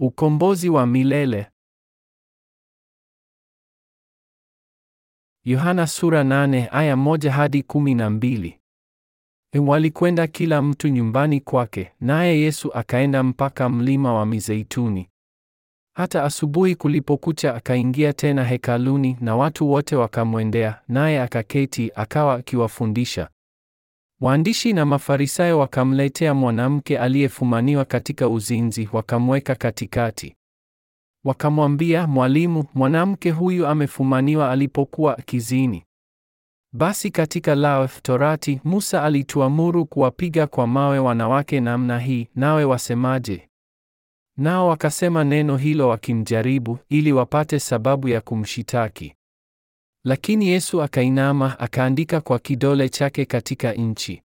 Ukombozi wa milele. Yohana sura nane aya moja hadi kumi na mbili. E, walikwenda kila mtu nyumbani kwake, naye Yesu akaenda mpaka mlima wa Mizeituni. Hata asubuhi kulipokucha, akaingia tena hekaluni, na watu wote wakamwendea, naye akaketi, akawa akiwafundisha. Waandishi na Mafarisayo wakamletea mwanamke aliyefumaniwa katika uzinzi, wakamweka katikati. Wakamwambia, Mwalimu, mwanamke huyu amefumaniwa alipokuwa kizini. Basi katika lao Torati Musa alituamuru kuwapiga kwa mawe wanawake namna hii, nawe wasemaje? Nao wakasema neno hilo wakimjaribu, ili wapate sababu ya kumshitaki. Lakini Yesu akainama akaandika kwa kidole chake katika nchi.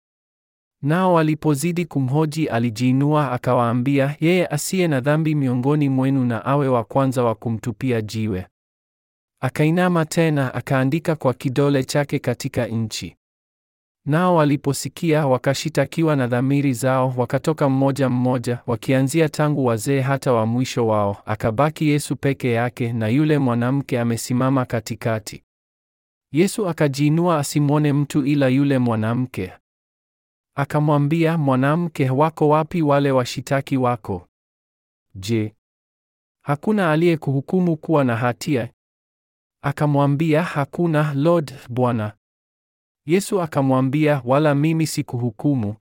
Nao walipozidi kumhoji, alijiinua akawaambia, yeye asiye na dhambi miongoni mwenu na awe wa kwanza wa kumtupia jiwe. Akainama tena akaandika kwa kidole chake katika nchi. Nao waliposikia wakashitakiwa na dhamiri zao, wakatoka mmoja mmoja, wakianzia tangu wazee hata wa mwisho wao. Akabaki Yesu peke yake, na yule mwanamke amesimama katikati. Yesu akajiinua asimwone mtu ila yule mwanamke. Akamwambia, mwanamke, wako wapi wale washitaki wako? Je, hakuna aliyekuhukumu kuwa na hatia? Akamwambia, hakuna Lord, Bwana. Yesu akamwambia, wala mimi sikuhukumu.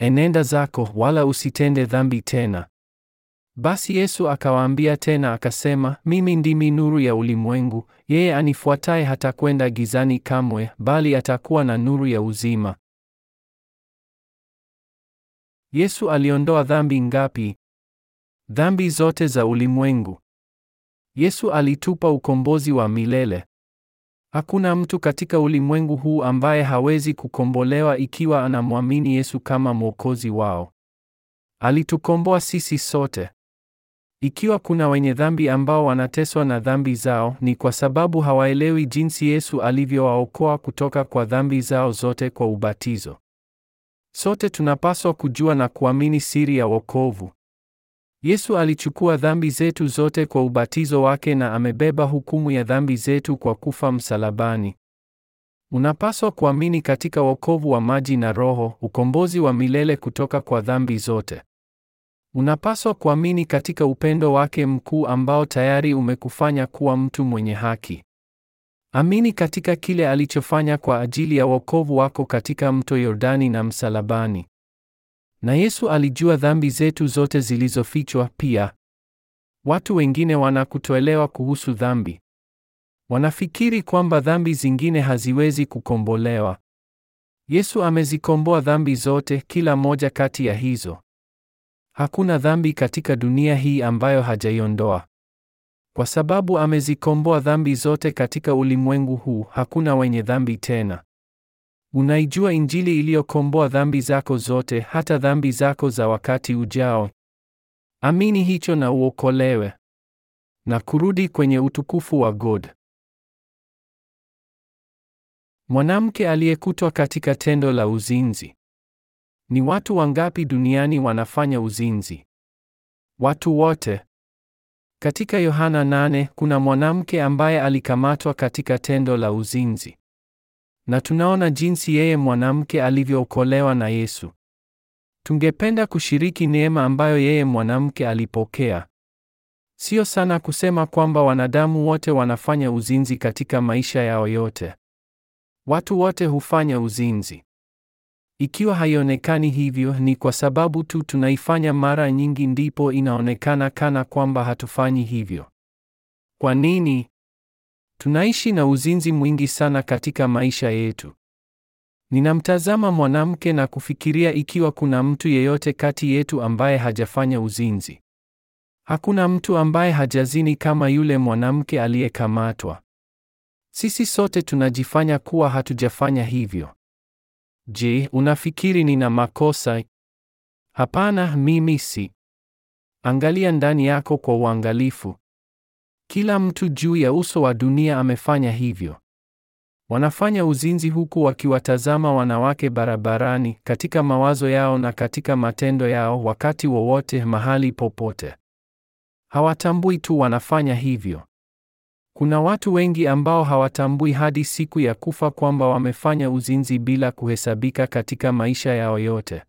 Enenda zako, wala usitende dhambi tena. Basi Yesu akawaambia tena akasema, mimi ndimi nuru ya ulimwengu, yeye anifuataye hatakwenda gizani kamwe, bali atakuwa na nuru ya uzima. Yesu aliondoa dhambi ngapi? Dhambi zote za ulimwengu. Yesu alitupa ukombozi wa milele. Hakuna mtu katika ulimwengu huu ambaye hawezi kukombolewa ikiwa anamwamini Yesu kama Mwokozi wao. Alitukomboa sisi sote. Ikiwa kuna wenye dhambi ambao wanateswa na dhambi zao, ni kwa sababu hawaelewi jinsi Yesu alivyowaokoa kutoka kwa dhambi zao zote kwa ubatizo. Sote tunapaswa kujua na kuamini siri ya wokovu. Yesu alichukua dhambi zetu zote kwa ubatizo wake na amebeba hukumu ya dhambi zetu kwa kufa msalabani. Unapaswa kuamini katika wokovu wa maji na Roho, ukombozi wa milele kutoka kwa dhambi zote. Unapaswa kuamini katika upendo wake mkuu ambao tayari umekufanya kuwa mtu mwenye haki. Amini katika kile alichofanya kwa ajili ya wokovu wako katika mto Yordani na msalabani. Na Yesu alijua dhambi zetu zote zilizofichwa pia. Watu wengine wanakutoelewa kuhusu dhambi. Wanafikiri kwamba dhambi zingine haziwezi kukombolewa. Yesu amezikomboa dhambi zote, kila moja kati ya hizo. Hakuna dhambi katika dunia hii ambayo hajaiondoa. Kwa sababu amezikomboa dhambi zote katika ulimwengu huu, hakuna wenye dhambi tena. Unaijua Injili iliyokomboa dhambi zako zote, hata dhambi zako za wakati ujao. Amini hicho na uokolewe na kurudi kwenye utukufu wa God. Mwanamke aliyekutwa katika tendo la uzinzi. Ni watu wangapi duniani wanafanya uzinzi? Watu wote. Katika Yohana 8 kuna mwanamke ambaye alikamatwa katika tendo la uzinzi. Na tunaona jinsi yeye mwanamke alivyookolewa na Yesu. Tungependa kushiriki neema ambayo yeye mwanamke alipokea. Sio sana kusema kwamba wanadamu wote wanafanya uzinzi katika maisha yao yote. Watu wote hufanya uzinzi. Ikiwa haionekani hivyo, ni kwa sababu tu tunaifanya mara nyingi, ndipo inaonekana kana kwamba hatufanyi hivyo. Kwa nini? Tunaishi na uzinzi mwingi sana katika maisha yetu. Ninamtazama mwanamke na kufikiria ikiwa kuna mtu yeyote kati yetu ambaye hajafanya uzinzi. Hakuna mtu ambaye hajazini kama yule mwanamke aliyekamatwa. Sisi sote tunajifanya kuwa hatujafanya hivyo. Je, unafikiri nina makosa? Hapana, mimi si. Angalia ndani yako kwa uangalifu. Kila mtu juu ya uso wa dunia amefanya hivyo. Wanafanya uzinzi huku wakiwatazama wanawake barabarani, katika mawazo yao na katika matendo yao, wakati wowote, mahali popote. Hawatambui tu wanafanya hivyo. Kuna watu wengi ambao hawatambui hadi siku ya kufa kwamba wamefanya uzinzi bila kuhesabika katika maisha yao yote.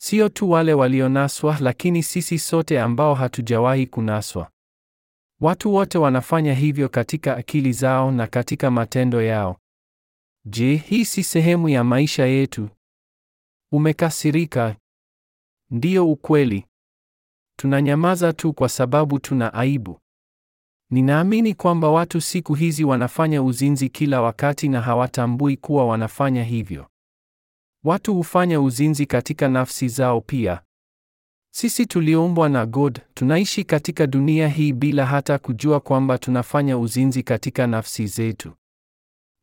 Sio tu wale walionaswa, lakini sisi sote ambao hatujawahi kunaswa. Watu wote wanafanya hivyo katika akili zao na katika matendo yao. Je, hii si sehemu ya maisha yetu? Umekasirika? Ndiyo ukweli. Tunanyamaza tu kwa sababu tuna aibu. Ninaamini kwamba watu siku hizi wanafanya uzinzi kila wakati na hawatambui kuwa wanafanya hivyo. Watu hufanya uzinzi katika nafsi zao pia. Sisi tulioumbwa na God, tunaishi katika dunia hii bila hata kujua kwamba tunafanya uzinzi katika nafsi zetu.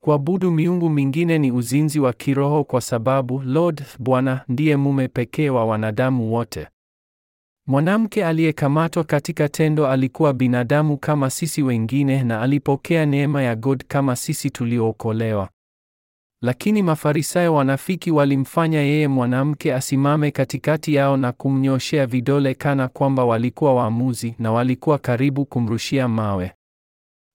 Kuabudu miungu mingine ni uzinzi wa kiroho kwa sababu Lord Bwana ndiye mume pekee wa wanadamu wote. Mwanamke aliyekamatwa katika tendo alikuwa binadamu kama sisi wengine na alipokea neema ya God kama sisi tuliookolewa. Lakini Mafarisayo wanafiki walimfanya yeye mwanamke asimame katikati yao na kumnyoshea vidole kana kwamba walikuwa waamuzi na walikuwa karibu kumrushia mawe.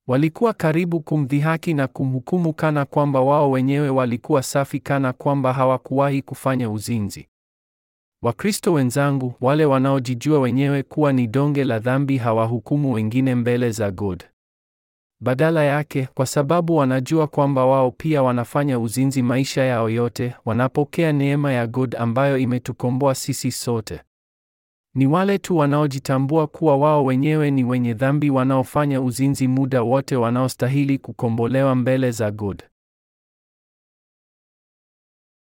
Walikuwa karibu kumdhihaki na kumhukumu kana kwamba wao wenyewe walikuwa safi kana kwamba hawakuwahi kufanya uzinzi. Wakristo wenzangu, wale wanaojijua wenyewe kuwa ni donge la dhambi hawahukumu wengine mbele za God. Badala yake, kwa sababu wanajua kwamba wao pia wanafanya uzinzi maisha yao yote, wanapokea neema ya God ambayo imetukomboa sisi sote. Ni wale tu wanaojitambua kuwa wao wenyewe ni wenye dhambi wanaofanya uzinzi muda wote wanaostahili kukombolewa mbele za God.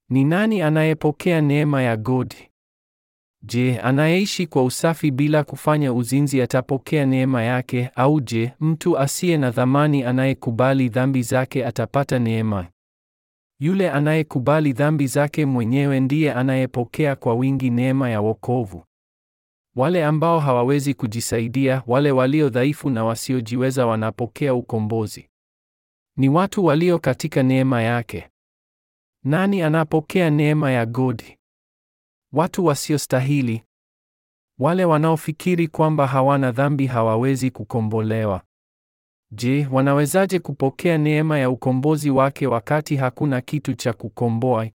Ni nani anayepokea neema ya God? Je, anayeishi kwa usafi bila kufanya uzinzi atapokea neema yake au je, mtu asiye na dhamani anayekubali dhambi zake atapata neema? Yule anayekubali dhambi zake mwenyewe ndiye anayepokea kwa wingi neema ya wokovu. Wale ambao hawawezi kujisaidia, wale walio dhaifu na wasiojiweza wanapokea ukombozi. Ni watu walio katika neema yake. Nani anapokea neema ya godi Watu wasiostahili, wale wanaofikiri kwamba hawana dhambi hawawezi kukombolewa. Je, wanawezaje kupokea neema ya ukombozi wake wakati hakuna kitu cha kukomboa?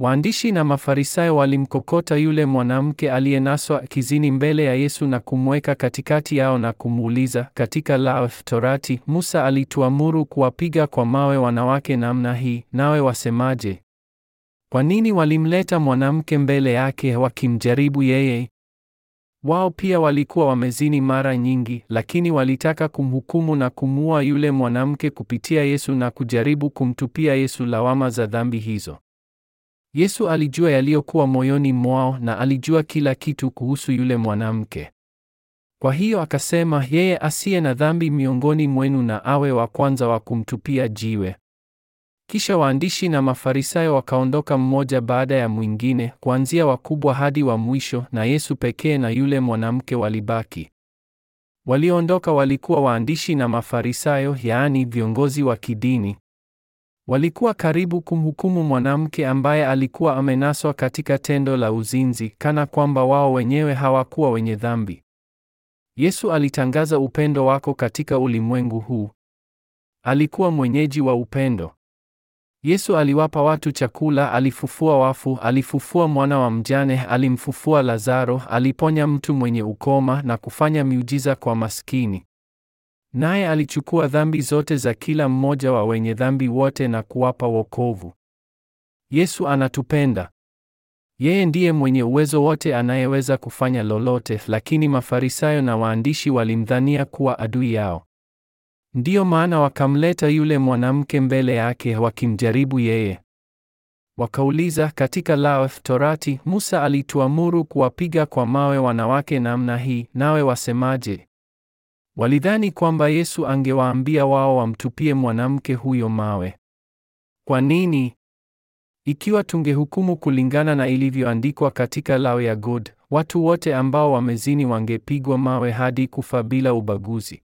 Waandishi na Mafarisayo walimkokota yule mwanamke aliyenaswa kizini mbele ya Yesu na kumweka katikati yao na kumuuliza, katika la Torati Musa alituamuru kuwapiga kwa mawe wanawake namna hii, nawe wasemaje? Kwa nini walimleta mwanamke mbele yake wakimjaribu yeye? Wao pia walikuwa wamezini mara nyingi, lakini walitaka kumhukumu na kumua yule mwanamke kupitia Yesu na kujaribu kumtupia Yesu lawama za dhambi hizo. Yesu alijua yaliyokuwa moyoni mwao na alijua kila kitu kuhusu yule mwanamke. Kwa hiyo akasema, yeye asiye na dhambi miongoni mwenu na awe wa kwanza wa kumtupia jiwe. Kisha waandishi na Mafarisayo wakaondoka mmoja baada ya mwingine, kuanzia wakubwa hadi wa mwisho, na Yesu pekee na yule mwanamke walibaki. Walioondoka walikuwa waandishi na Mafarisayo, yaani viongozi wa kidini. Walikuwa karibu kumhukumu mwanamke ambaye alikuwa amenaswa katika tendo la uzinzi, kana kwamba wao wenyewe hawakuwa wenye dhambi. Yesu alitangaza upendo wako katika ulimwengu huu. Alikuwa mwenyeji wa upendo. Yesu aliwapa watu chakula, alifufua wafu, alifufua mwana wa mjane, alimfufua Lazaro, aliponya mtu mwenye ukoma na kufanya miujiza kwa maskini. Naye alichukua dhambi zote za kila mmoja wa wenye dhambi wote na kuwapa wokovu. Yesu anatupenda. Yeye ndiye mwenye uwezo wote anayeweza kufanya lolote, lakini Mafarisayo na waandishi walimdhania kuwa adui yao. Ndiyo maana wakamleta yule mwanamke mbele yake wakimjaribu yeye. Wakauliza, katika lao Torati Musa alituamuru kuwapiga kwa mawe wanawake namna hii, nawe wasemaje? Walidhani kwamba Yesu angewaambia wao wamtupie mwanamke huyo mawe. Kwa nini? Ikiwa tungehukumu kulingana na ilivyoandikwa katika lao ya God, watu wote ambao wamezini wangepigwa mawe hadi kufa bila ubaguzi.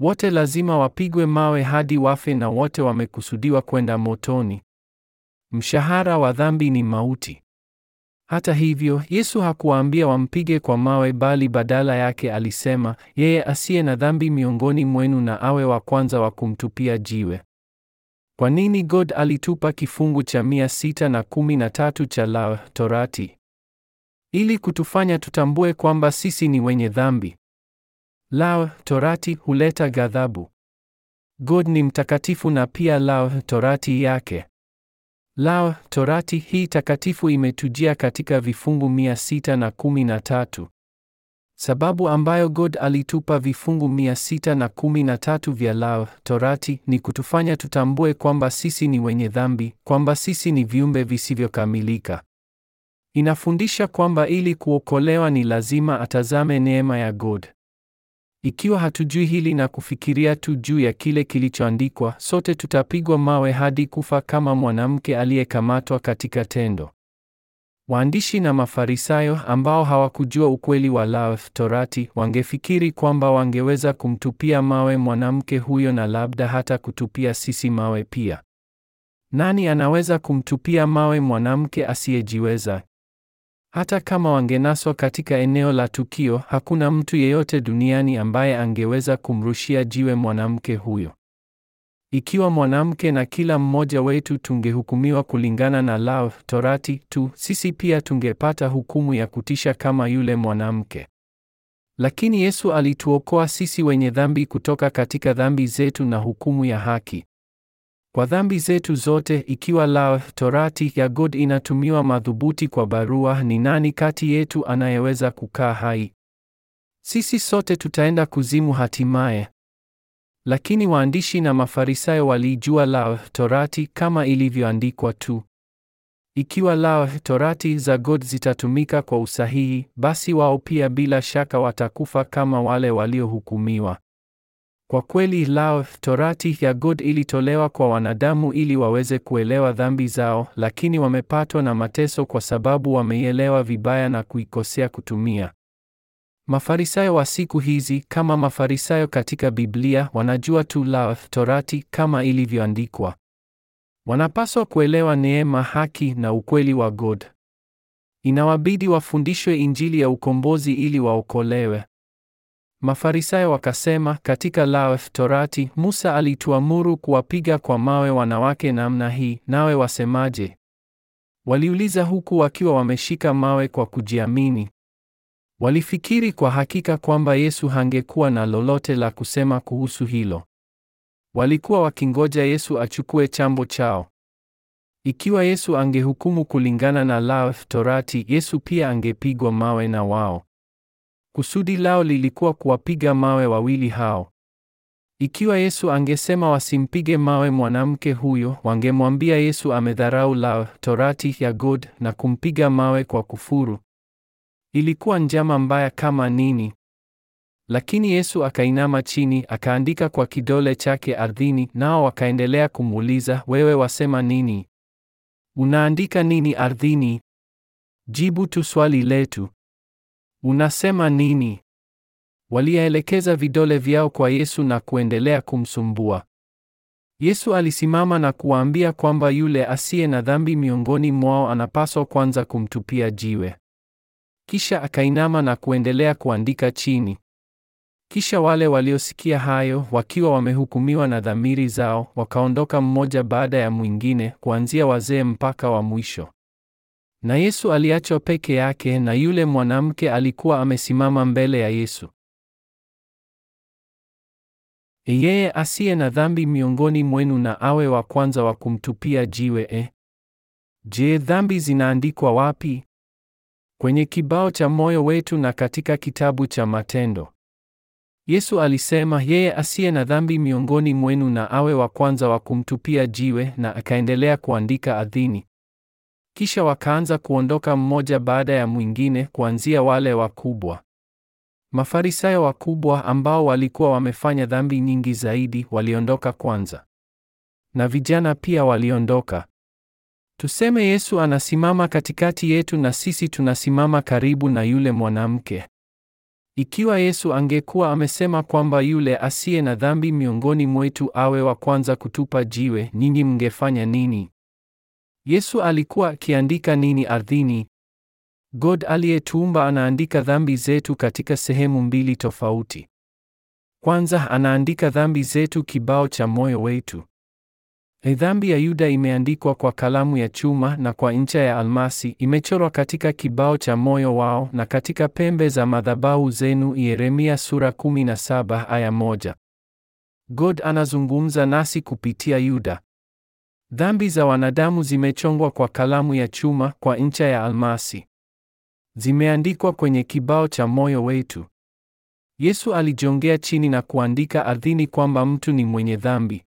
Wote lazima wapigwe mawe hadi wafe na wote wamekusudiwa kwenda motoni. Mshahara wa dhambi ni mauti. Hata hivyo, Yesu hakuwaambia wampige kwa mawe bali badala yake alisema, yeye asiye na dhambi miongoni mwenu na awe wa kwanza wa kumtupia jiwe. Kwa nini God alitupa kifungu cha mia sita na kumi na tatu cha la Torati? Ili kutufanya tutambue kwamba sisi ni wenye dhambi. Lao torati huleta ghadhabu. God ni mtakatifu na pia lao torati yake. Lao torati hii takatifu imetujia katika vifungu 613 na tatu. Sababu ambayo God alitupa vifungu 613 na tatu vya lao torati ni kutufanya tutambue kwamba sisi ni wenye dhambi, kwamba sisi ni viumbe visivyokamilika. Inafundisha kwamba ili kuokolewa ni lazima atazame neema ya God. Ikiwa hatujui hili na kufikiria tu juu ya kile kilichoandikwa, sote tutapigwa mawe hadi kufa kama mwanamke aliyekamatwa katika tendo. Waandishi na Mafarisayo ambao hawakujua ukweli wa la Torati wangefikiri kwamba wangeweza kumtupia mawe mwanamke huyo na labda hata kutupia sisi mawe pia. Nani anaweza kumtupia mawe mwanamke asiyejiweza? Hata kama wangenaswa katika eneo la tukio, hakuna mtu yeyote duniani ambaye angeweza kumrushia jiwe mwanamke huyo. Ikiwa mwanamke na kila mmoja wetu tungehukumiwa kulingana na lav torati tu, sisi pia tungepata hukumu ya kutisha kama yule mwanamke. Lakini Yesu alituokoa sisi wenye dhambi kutoka katika dhambi zetu na hukumu ya haki kwa dhambi zetu zote. Ikiwa lao torati ya God inatumiwa madhubuti kwa barua, ni nani kati yetu anayeweza kukaa hai? Sisi sote tutaenda kuzimu hatimaye. Lakini waandishi na Mafarisayo waliijua lao torati kama ilivyoandikwa tu. Ikiwa lao torati za God zitatumika kwa usahihi, basi wao pia bila shaka watakufa kama wale waliohukumiwa. Kwa kweli lao torati ya God ilitolewa kwa wanadamu ili waweze kuelewa dhambi zao, lakini wamepatwa na mateso kwa sababu wameielewa vibaya na kuikosea kutumia. Mafarisayo wa siku hizi, kama Mafarisayo katika Biblia, wanajua tu lao torati kama ilivyoandikwa. Wanapaswa kuelewa neema, haki na ukweli wa God. Inawabidi wafundishwe injili ya ukombozi ili waokolewe. Mafarisayo wakasema, katika la Torati Musa alituamuru kuwapiga kwa mawe wanawake namna hii, nawe wasemaje? Waliuliza huku wakiwa wameshika mawe kwa kujiamini. Walifikiri kwa hakika kwamba Yesu hangekuwa na lolote la kusema kuhusu hilo. Walikuwa wakingoja Yesu achukue chambo chao. Ikiwa Yesu angehukumu kulingana na la Torati, Yesu pia angepigwa mawe na wao. Kusudi lao lilikuwa kuwapiga mawe wawili hao. Ikiwa Yesu angesema wasimpige mawe mwanamke huyo, wangemwambia Yesu amedharau la Torati ya God na kumpiga mawe kwa kufuru. Ilikuwa njama mbaya kama nini! Lakini Yesu akainama chini, akaandika kwa kidole chake ardhini, nao wakaendelea kumuuliza, wewe wasema nini? Unaandika nini ardhini? Jibu tu swali letu. Unasema nini? Walielekeza vidole vyao kwa Yesu na kuendelea kumsumbua. Yesu alisimama na kuwaambia kwamba yule asiye na dhambi miongoni mwao anapaswa kwanza kumtupia jiwe. Kisha akainama na kuendelea kuandika chini. Kisha wale waliosikia hayo, wakiwa wamehukumiwa na dhamiri zao, wakaondoka mmoja baada ya mwingine, kuanzia wazee mpaka wa mwisho. Na Yesu aliachwa peke yake na yule mwanamke alikuwa amesimama mbele ya Yesu. Yeye asiye na dhambi miongoni mwenu na awe wa kwanza wa kumtupia jiwe. E, je, dhambi zinaandikwa wapi? Kwenye kibao cha moyo wetu na katika kitabu cha matendo. Yesu alisema yeye asiye na dhambi miongoni mwenu na awe wa kwanza wa kumtupia jiwe, na akaendelea kuandika ardhini. Kisha wakaanza kuondoka mmoja baada ya mwingine, kuanzia wale wakubwa. Mafarisayo wakubwa ambao walikuwa wamefanya dhambi nyingi zaidi waliondoka kwanza, na vijana pia waliondoka. Tuseme Yesu anasimama katikati yetu na sisi tunasimama karibu na yule mwanamke. Ikiwa Yesu angekuwa amesema kwamba yule asiye na dhambi miongoni mwetu awe wa kwanza kutupa jiwe, ninyi mngefanya nini? Yesu alikuwa akiandika nini ardhini? God aliyetuumba anaandika dhambi zetu katika sehemu mbili tofauti. Kwanza anaandika dhambi zetu kibao cha moyo wetu. E, dhambi ya Yuda imeandikwa kwa kalamu ya chuma na kwa ncha ya almasi, imechorwa katika kibao cha moyo wao na katika pembe za madhabahu zenu, Yeremia sura 17 aya moja. God anazungumza nasi kupitia Yuda. Dhambi za wanadamu zimechongwa kwa kalamu ya chuma, kwa ncha ya almasi. Zimeandikwa kwenye kibao cha moyo wetu. Yesu alijongea chini na kuandika ardhini kwamba mtu ni mwenye dhambi.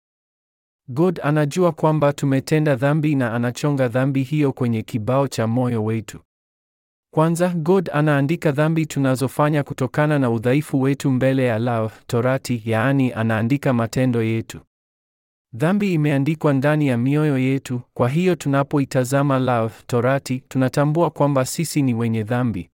God anajua kwamba tumetenda dhambi na anachonga dhambi hiyo kwenye kibao cha moyo wetu. Kwanza, God anaandika dhambi tunazofanya kutokana na udhaifu wetu mbele ya law, Torati, yaani anaandika matendo yetu. Dhambi imeandikwa ndani ya mioyo yetu, kwa hiyo tunapoitazama Law, Torati, tunatambua kwamba sisi ni wenye dhambi.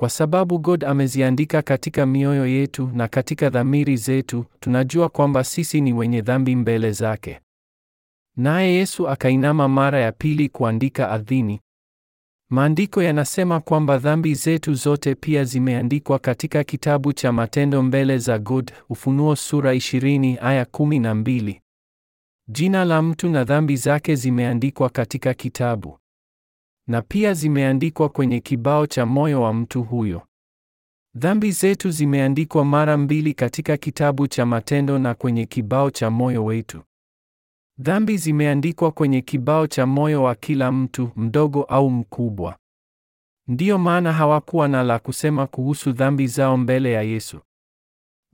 Kwa sababu God ameziandika katika mioyo yetu na katika dhamiri zetu, tunajua kwamba sisi ni wenye dhambi mbele zake. Naye Yesu akainama mara ya pili kuandika ardhini. Maandiko yanasema kwamba dhambi zetu zote pia zimeandikwa katika kitabu cha matendo mbele za God, Ufunuo sura 20 aya 12. Jina la mtu na dhambi zake zimeandikwa katika kitabu, na pia zimeandikwa kwenye kibao cha moyo wa mtu huyo. Dhambi zetu zimeandikwa mara mbili katika kitabu cha matendo na kwenye kibao cha moyo wetu. Dhambi zimeandikwa kwenye kibao cha moyo wa kila mtu, mdogo au mkubwa. Ndiyo maana hawakuwa na la kusema kuhusu dhambi zao mbele ya Yesu.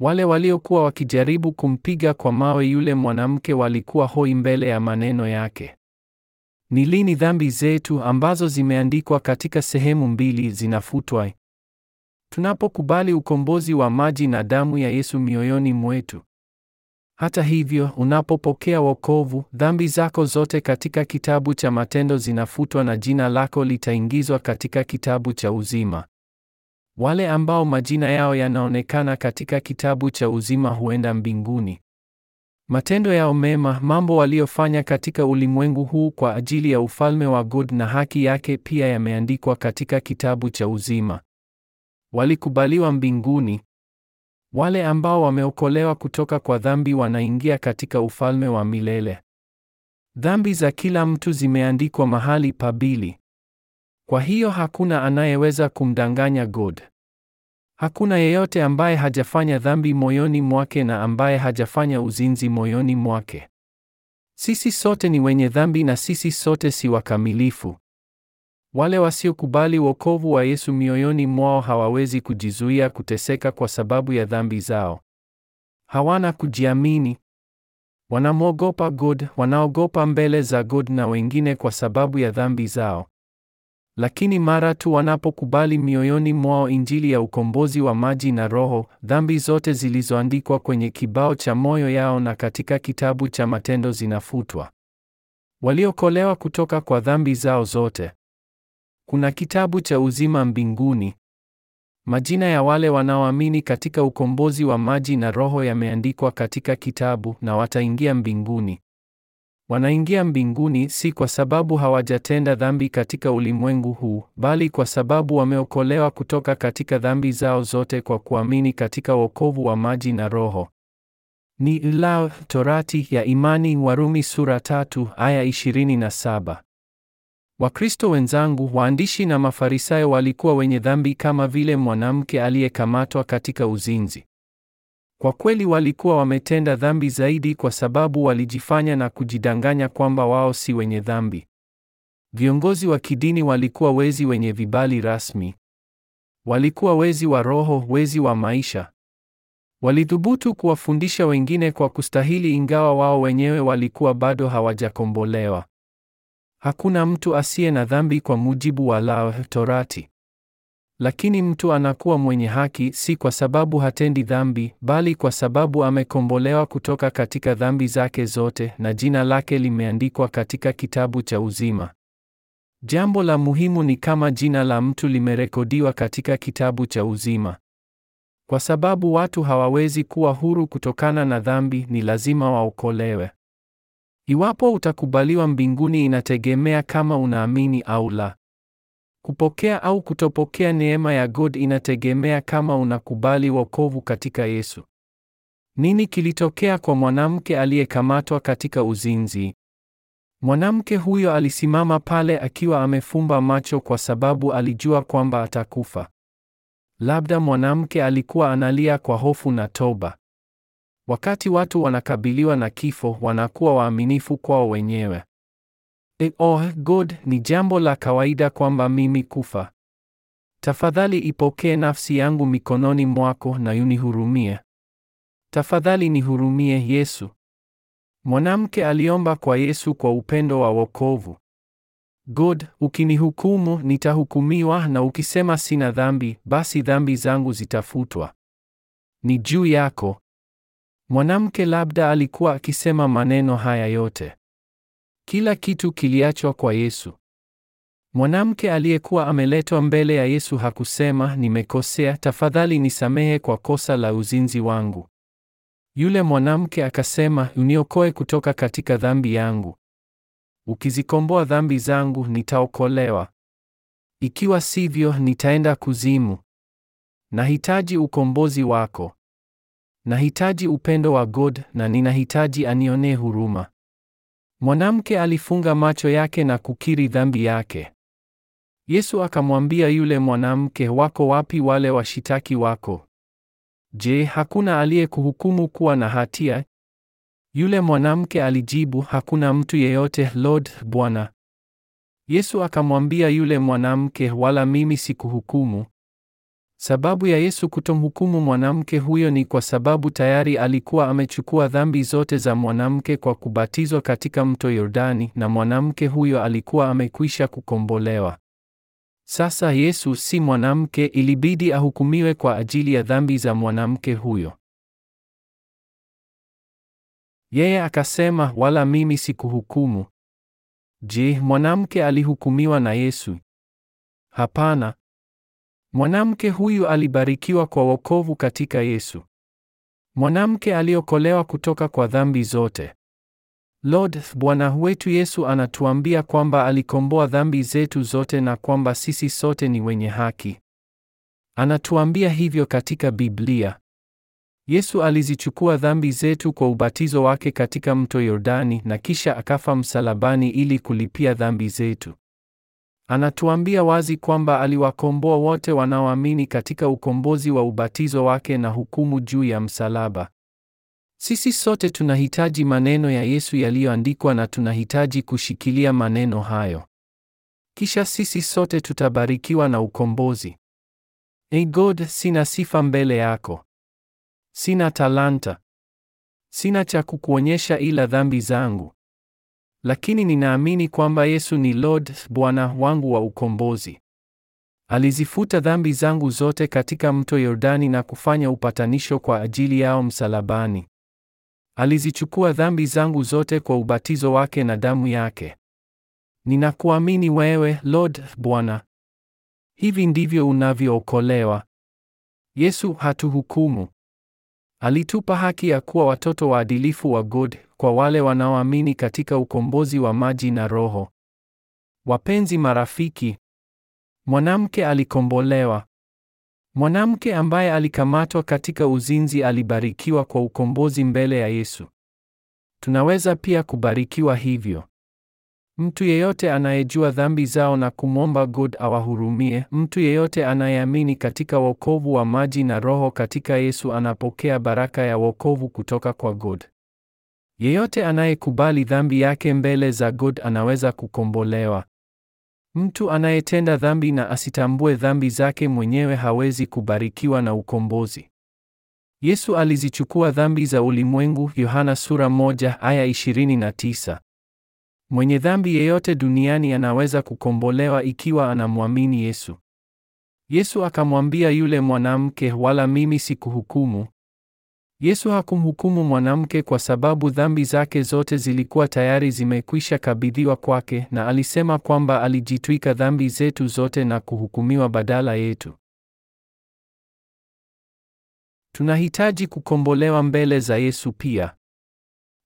Wale waliokuwa wakijaribu kumpiga kwa mawe yule mwanamke walikuwa hoi mbele ya maneno yake. Ni lini dhambi zetu ambazo zimeandikwa katika sehemu mbili zinafutwa? Tunapokubali ukombozi wa maji na damu ya Yesu mioyoni mwetu. Hata hivyo, unapopokea wokovu, dhambi zako zote katika kitabu cha matendo zinafutwa na jina lako litaingizwa katika kitabu cha uzima. Wale ambao majina yao yanaonekana katika kitabu cha uzima huenda mbinguni. Matendo yao mema, mambo waliofanya katika ulimwengu huu kwa ajili ya ufalme wa God na haki yake pia yameandikwa katika kitabu cha uzima. Walikubaliwa mbinguni. Wale ambao wameokolewa kutoka kwa dhambi wanaingia katika ufalme wa milele. Dhambi za kila mtu zimeandikwa mahali pabili. Kwa hiyo hakuna anayeweza kumdanganya God. Hakuna yeyote ambaye hajafanya dhambi moyoni mwake na ambaye hajafanya uzinzi moyoni mwake. Sisi sote ni wenye dhambi na sisi sote si wakamilifu. Wale wasiokubali wokovu wa Yesu mioyoni mwao hawawezi kujizuia kuteseka kwa sababu ya dhambi zao. Hawana kujiamini. Wanamwogopa God, wanaogopa mbele za God na wengine kwa sababu ya dhambi zao. Lakini mara tu wanapokubali mioyoni mwao injili ya ukombozi wa maji na Roho, dhambi zote zilizoandikwa kwenye kibao cha moyo yao na katika kitabu cha matendo zinafutwa. Waliokolewa kutoka kwa dhambi zao zote. Kuna kitabu cha uzima mbinguni. Majina ya wale wanaoamini katika ukombozi wa maji na Roho yameandikwa katika kitabu na wataingia mbinguni. Wanaingia mbinguni si kwa sababu hawajatenda dhambi katika ulimwengu huu, bali kwa sababu wameokolewa kutoka katika dhambi zao zote kwa kuamini katika wokovu wa maji na Roho. Ni la Torati ya imani, Warumi sura tatu aya 27. Wakristo wenzangu, waandishi na Mafarisayo walikuwa wenye dhambi kama vile mwanamke aliyekamatwa katika uzinzi. Kwa kweli walikuwa wametenda dhambi zaidi kwa sababu walijifanya na kujidanganya kwamba wao si wenye dhambi. Viongozi wa kidini walikuwa wezi wenye vibali rasmi. Walikuwa wezi wa roho, wezi wa maisha. Walithubutu kuwafundisha wengine kwa kustahili ingawa wao wenyewe walikuwa bado hawajakombolewa. Hakuna mtu asiye na dhambi kwa mujibu wa la Torati. Lakini mtu anakuwa mwenye haki si kwa sababu hatendi dhambi, bali kwa sababu amekombolewa kutoka katika dhambi zake zote na jina lake limeandikwa katika kitabu cha uzima. Jambo la muhimu ni kama jina la mtu limerekodiwa katika kitabu cha uzima. Kwa sababu watu hawawezi kuwa huru kutokana na dhambi, ni lazima waokolewe. Iwapo utakubaliwa mbinguni inategemea kama unaamini au la. Kupokea au kutopokea neema ya God inategemea kama unakubali wokovu katika Yesu. Nini kilitokea kwa mwanamke aliyekamatwa katika uzinzi? Mwanamke huyo alisimama pale akiwa amefumba macho kwa sababu alijua kwamba atakufa. Labda mwanamke alikuwa analia kwa hofu na toba. Wakati watu wanakabiliwa na kifo, wanakuwa waaminifu kwao wenyewe. E, oh God, ni jambo la kawaida kwamba mimi kufa. Tafadhali ipokee nafsi yangu mikononi mwako na unihurumie. Tafadhali nihurumie Yesu. Mwanamke aliomba kwa Yesu kwa upendo wa wokovu. God, ukinihukumu nitahukumiwa, na ukisema sina dhambi, basi dhambi zangu zitafutwa. Ni juu yako. Mwanamke labda alikuwa akisema maneno haya yote kila kitu kiliachwa kwa Yesu. Mwanamke aliyekuwa ameletwa mbele ya Yesu hakusema, nimekosea, tafadhali nisamehe kwa kosa la uzinzi wangu. Yule mwanamke akasema, uniokoe kutoka katika dhambi yangu. Ukizikomboa dhambi zangu nitaokolewa. Ikiwa sivyo, nitaenda kuzimu. Nahitaji ukombozi wako. Nahitaji upendo wa God na ninahitaji anionee huruma. Mwanamke alifunga macho yake na kukiri dhambi yake. Yesu akamwambia yule mwanamke, wako wapi wale washitaki wako? Je, hakuna aliyekuhukumu kuwa na hatia? Yule mwanamke alijibu, hakuna mtu yeyote, Lord, Bwana. Yesu akamwambia yule mwanamke, wala mimi sikuhukumu. Sababu ya Yesu kutomhukumu mwanamke huyo ni kwa sababu tayari alikuwa amechukua dhambi zote za mwanamke kwa kubatizwa katika mto Yordani na mwanamke huyo alikuwa amekwisha kukombolewa. Sasa Yesu si mwanamke, ilibidi ahukumiwe kwa ajili ya dhambi za mwanamke huyo. Yeye akasema, wala mimi sikuhukumu. Je, mwanamke alihukumiwa na Yesu? Hapana. Mwanamke huyu alibarikiwa kwa wokovu katika Yesu. Mwanamke aliokolewa kutoka kwa dhambi zote. Lord Bwana wetu Yesu anatuambia kwamba alikomboa dhambi zetu zote na kwamba sisi sote ni wenye haki. Anatuambia hivyo katika Biblia. Yesu alizichukua dhambi zetu kwa ubatizo wake katika mto Yordani na kisha akafa msalabani ili kulipia dhambi zetu. Anatuambia wazi kwamba aliwakomboa wote wanaoamini katika ukombozi wa ubatizo wake na hukumu juu ya msalaba. Sisi sote tunahitaji maneno ya Yesu yaliyoandikwa na tunahitaji kushikilia maneno hayo. Kisha sisi sote tutabarikiwa na ukombozi. Hey God, sina sifa mbele yako. Sina talanta. Sina cha kukuonyesha ila dhambi zangu lakini ninaamini kwamba Yesu ni Lord, Bwana wangu wa ukombozi. Alizifuta dhambi zangu zote katika mto Yordani na kufanya upatanisho kwa ajili yao msalabani. Alizichukua dhambi zangu zote kwa ubatizo wake na damu yake. Ninakuamini wewe, Lord Bwana. Hivi ndivyo unavyookolewa. Yesu hatuhukumu. Alitupa haki ya kuwa watoto waadilifu wa God kwa wale wanaoamini katika ukombozi wa maji na Roho. Wapenzi marafiki, mwanamke alikombolewa. Mwanamke ambaye alikamatwa katika uzinzi alibarikiwa kwa ukombozi mbele ya Yesu. Tunaweza pia kubarikiwa hivyo. Mtu yeyote anayejua dhambi zao na kumwomba God awahurumie, mtu yeyote anayeamini katika wokovu wa maji na Roho katika Yesu anapokea baraka ya wokovu kutoka kwa God. Yeyote anayekubali dhambi yake mbele za God anaweza kukombolewa. Mtu anayetenda dhambi na asitambue dhambi zake mwenyewe hawezi kubarikiwa na ukombozi. Yesu alizichukua dhambi za ulimwengu, Yohana sura moja aya 29. Mwenye dhambi yeyote duniani anaweza kukombolewa ikiwa anamwamini Yesu. Yesu akamwambia yule mwanamke, wala mimi sikuhukumu. Yesu hakumhukumu mwanamke kwa sababu dhambi zake zote zilikuwa tayari zimekwisha kabidhiwa kwake, na alisema kwamba alijitwika dhambi zetu zote na kuhukumiwa badala yetu. Tunahitaji kukombolewa mbele za Yesu pia.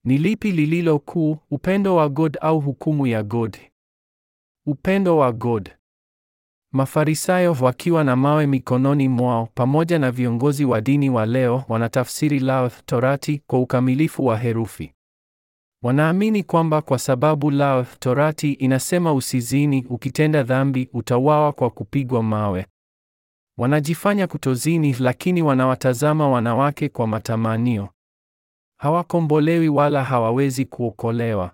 Ni lipi lililo kuu, upendo wa God au hukumu ya God? Upendo wa God. Mafarisayo wakiwa na mawe mikononi mwao pamoja na viongozi wa dini wa leo wanatafsiri lao Torati kwa ukamilifu wa herufi. Wanaamini kwamba kwa sababu lao Torati inasema usizini, ukitenda dhambi utawawa kwa kupigwa mawe. Wanajifanya kutozini, lakini wanawatazama wanawake kwa matamanio hawakombolewi wala hawawezi kuokolewa.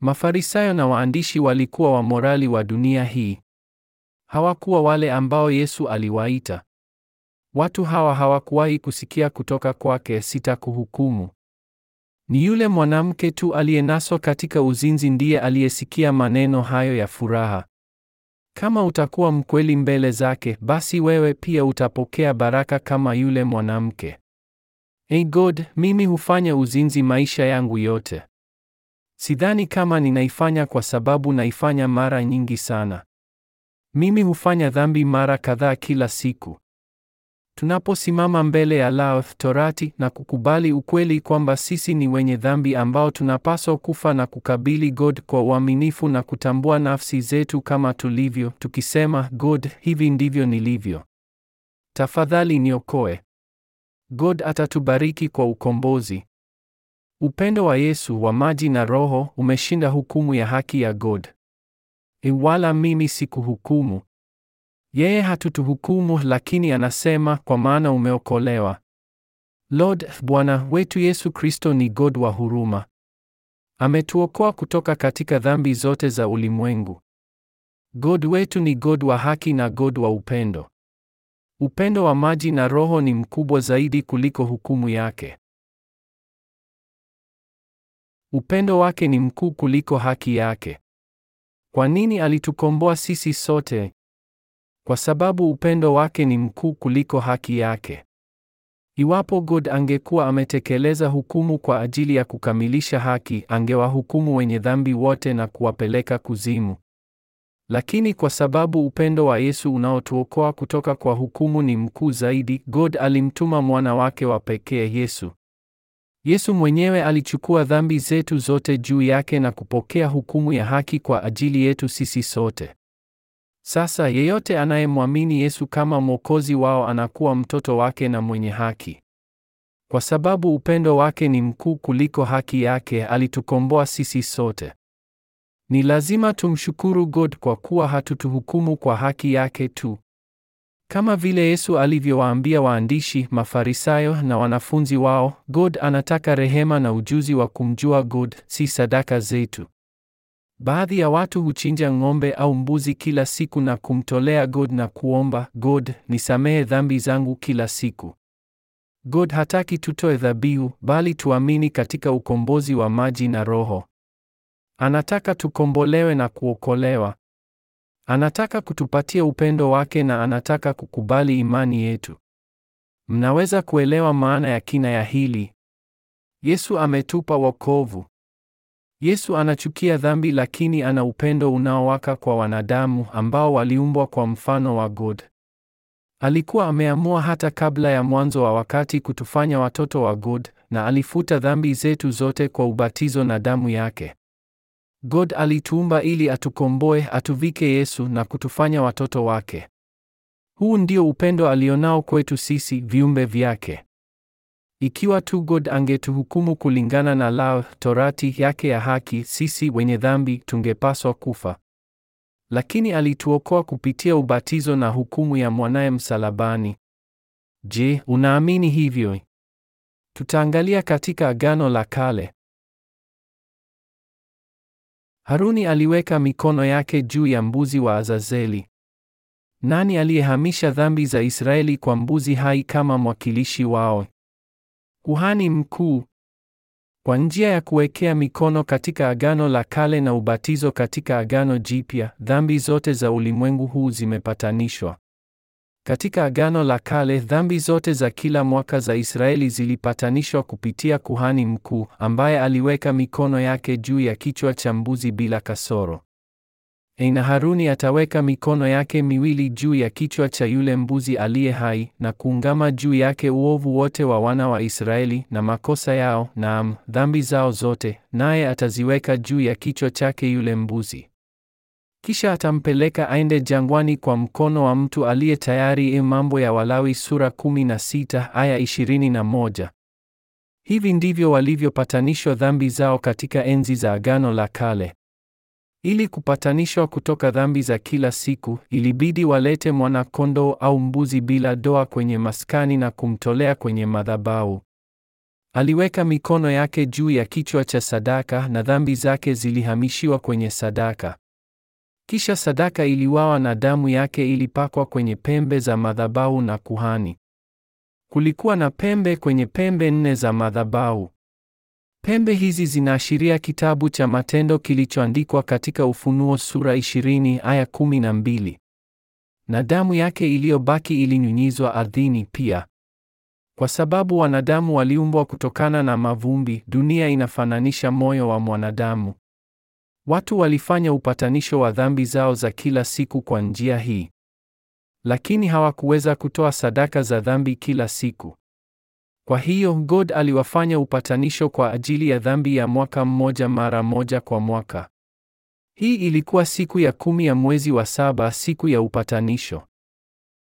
Mafarisayo na waandishi walikuwa wa morali wa dunia hii. Hawakuwa wale ambao Yesu aliwaita. Watu hawa hawakuwahi kusikia kutoka kwake, sitakuhukumu. Ni yule mwanamke tu aliyenaswa katika uzinzi ndiye aliyesikia maneno hayo ya furaha. Kama utakuwa mkweli mbele zake, basi wewe pia utapokea baraka kama yule mwanamke. Hey God, mimi hufanya uzinzi maisha yangu yote. Sidhani kama ninaifanya kwa sababu naifanya mara nyingi sana. Mimi hufanya dhambi mara kadhaa kila siku. Tunaposimama mbele ya Allah Torati na kukubali ukweli kwamba sisi ni wenye dhambi ambao tunapaswa kufa na kukabili God kwa uaminifu na kutambua nafsi zetu kama tulivyo, tukisema God, hivi ndivyo nilivyo. Tafadhali niokoe. God atatubariki kwa ukombozi. Upendo wa Yesu wa maji na Roho umeshinda hukumu ya haki ya God. Iwala e, mimi sikuhukumu. Yeye hatutuhukumu, lakini anasema kwa maana umeokolewa. Lord Bwana wetu Yesu Kristo ni God wa huruma. Ametuokoa kutoka katika dhambi zote za ulimwengu. God wetu ni God wa haki na God wa upendo. Upendo wa maji na Roho ni mkubwa zaidi kuliko hukumu yake. Upendo wake ni mkuu kuliko haki yake. Kwa nini alitukomboa sisi sote? Kwa sababu upendo wake ni mkuu kuliko haki yake. Iwapo God angekuwa ametekeleza hukumu kwa ajili ya kukamilisha haki, angewahukumu wenye dhambi wote na kuwapeleka kuzimu. Lakini kwa sababu upendo wa Yesu unaotuokoa kutoka kwa hukumu ni mkuu zaidi, God alimtuma mwana wake wa pekee Yesu. Yesu mwenyewe alichukua dhambi zetu zote juu yake na kupokea hukumu ya haki kwa ajili yetu sisi sote. Sasa yeyote anayemwamini Yesu kama Mwokozi wao anakuwa mtoto wake na mwenye haki. Kwa sababu upendo wake ni mkuu kuliko haki yake, alitukomboa sisi sote. Ni lazima tumshukuru God kwa kuwa hatutuhukumu kwa haki yake tu. Kama vile Yesu alivyowaambia waandishi, Mafarisayo na wanafunzi wao, God anataka rehema na ujuzi wa kumjua God, si sadaka zetu. Baadhi ya watu huchinja ng'ombe au mbuzi kila siku na kumtolea God na kuomba, God, nisamehe dhambi zangu kila siku. God hataki tutoe dhabihu, bali tuamini katika ukombozi wa maji na Roho. Anataka tukombolewe na kuokolewa. Anataka kutupatia upendo wake na anataka kukubali imani yetu. Mnaweza kuelewa maana ya kina ya hili? Yesu ametupa wokovu. Yesu anachukia dhambi lakini ana upendo unaowaka kwa wanadamu ambao waliumbwa kwa mfano wa God. Alikuwa ameamua hata kabla ya mwanzo wa wakati kutufanya watoto wa God na alifuta dhambi zetu zote kwa ubatizo na damu yake. God alituumba ili atukomboe, atuvike Yesu na kutufanya watoto wake. Huu ndio upendo alionao kwetu sisi viumbe vyake. Ikiwa tu God angetuhukumu kulingana na lao torati yake ya haki, sisi wenye dhambi tungepaswa kufa. Lakini alituokoa kupitia ubatizo na hukumu ya mwanaye msalabani. Je, unaamini hivyo? Tutaangalia katika Agano la Kale. Haruni aliweka mikono yake juu ya mbuzi wa Azazeli. Nani aliyehamisha dhambi za Israeli kwa mbuzi hai kama mwakilishi wao? Kuhani mkuu. Kwa njia ya kuwekea mikono katika Agano la Kale na ubatizo katika Agano Jipya, dhambi zote za ulimwengu huu zimepatanishwa. Katika Agano la Kale, dhambi zote za kila mwaka za Israeli zilipatanishwa kupitia kuhani mkuu ambaye aliweka mikono yake juu ya kichwa cha mbuzi bila kasoro. Na Haruni ataweka mikono yake miwili juu ya kichwa cha yule mbuzi aliye hai na kuungama juu yake uovu wote wa wana wa Israeli na makosa yao, naam, dhambi zao zote, naye ataziweka juu ya kichwa chake yule mbuzi. Kisha atampeleka aende jangwani kwa mkono wa mtu aliye tayari. E Mambo ya Walawi sura 16 aya 21. Hivi ndivyo walivyopatanishwa dhambi zao katika enzi za Agano la Kale. Ili kupatanishwa kutoka dhambi za kila siku, ilibidi walete mwanakondoo au mbuzi bila doa kwenye maskani na kumtolea kwenye madhabahu. Aliweka mikono yake juu ya kichwa cha sadaka na dhambi zake zilihamishiwa kwenye sadaka. Kisha sadaka iliwawa na damu yake ilipakwa kwenye pembe za madhabahu na kuhani. Kulikuwa na pembe kwenye pembe nne za madhabahu. Pembe hizi zinaashiria kitabu cha Matendo kilichoandikwa katika Ufunuo sura 20 aya 12. Na damu yake iliyobaki ilinyunyizwa ardhini pia. Kwa sababu wanadamu waliumbwa kutokana na mavumbi, dunia inafananisha moyo wa mwanadamu. Watu walifanya upatanisho wa dhambi zao za kila siku kwa njia hii, lakini hawakuweza kutoa sadaka za dhambi kila siku. Kwa hiyo God aliwafanya upatanisho kwa ajili ya dhambi ya mwaka mmoja mara moja kwa mwaka. Hii ilikuwa siku ya kumi ya mwezi wa saba, siku ya upatanisho.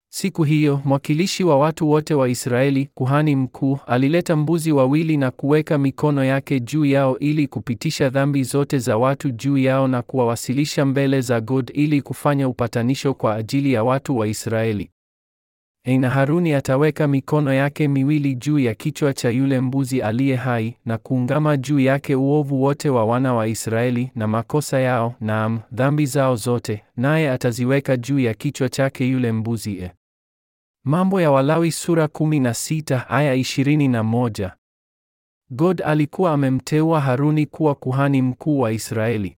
Siku hiyo mwakilishi wa watu wote wa Israeli, kuhani mkuu, alileta mbuzi wawili na kuweka mikono yake juu yao ili kupitisha dhambi zote za watu juu yao na kuwawasilisha mbele za God ili kufanya upatanisho kwa ajili ya watu wa Israeli. Na Haruni ataweka mikono yake miwili juu ya kichwa cha yule mbuzi aliye hai na kuungama juu yake uovu wote wa wana wa Israeli na makosa yao, naam, dhambi zao zote, naye ataziweka juu ya kichwa chake yule mbuzi e. Mambo ya Walawi sura 16 aya 21. God alikuwa amemteua Haruni kuwa kuhani mkuu wa Israeli.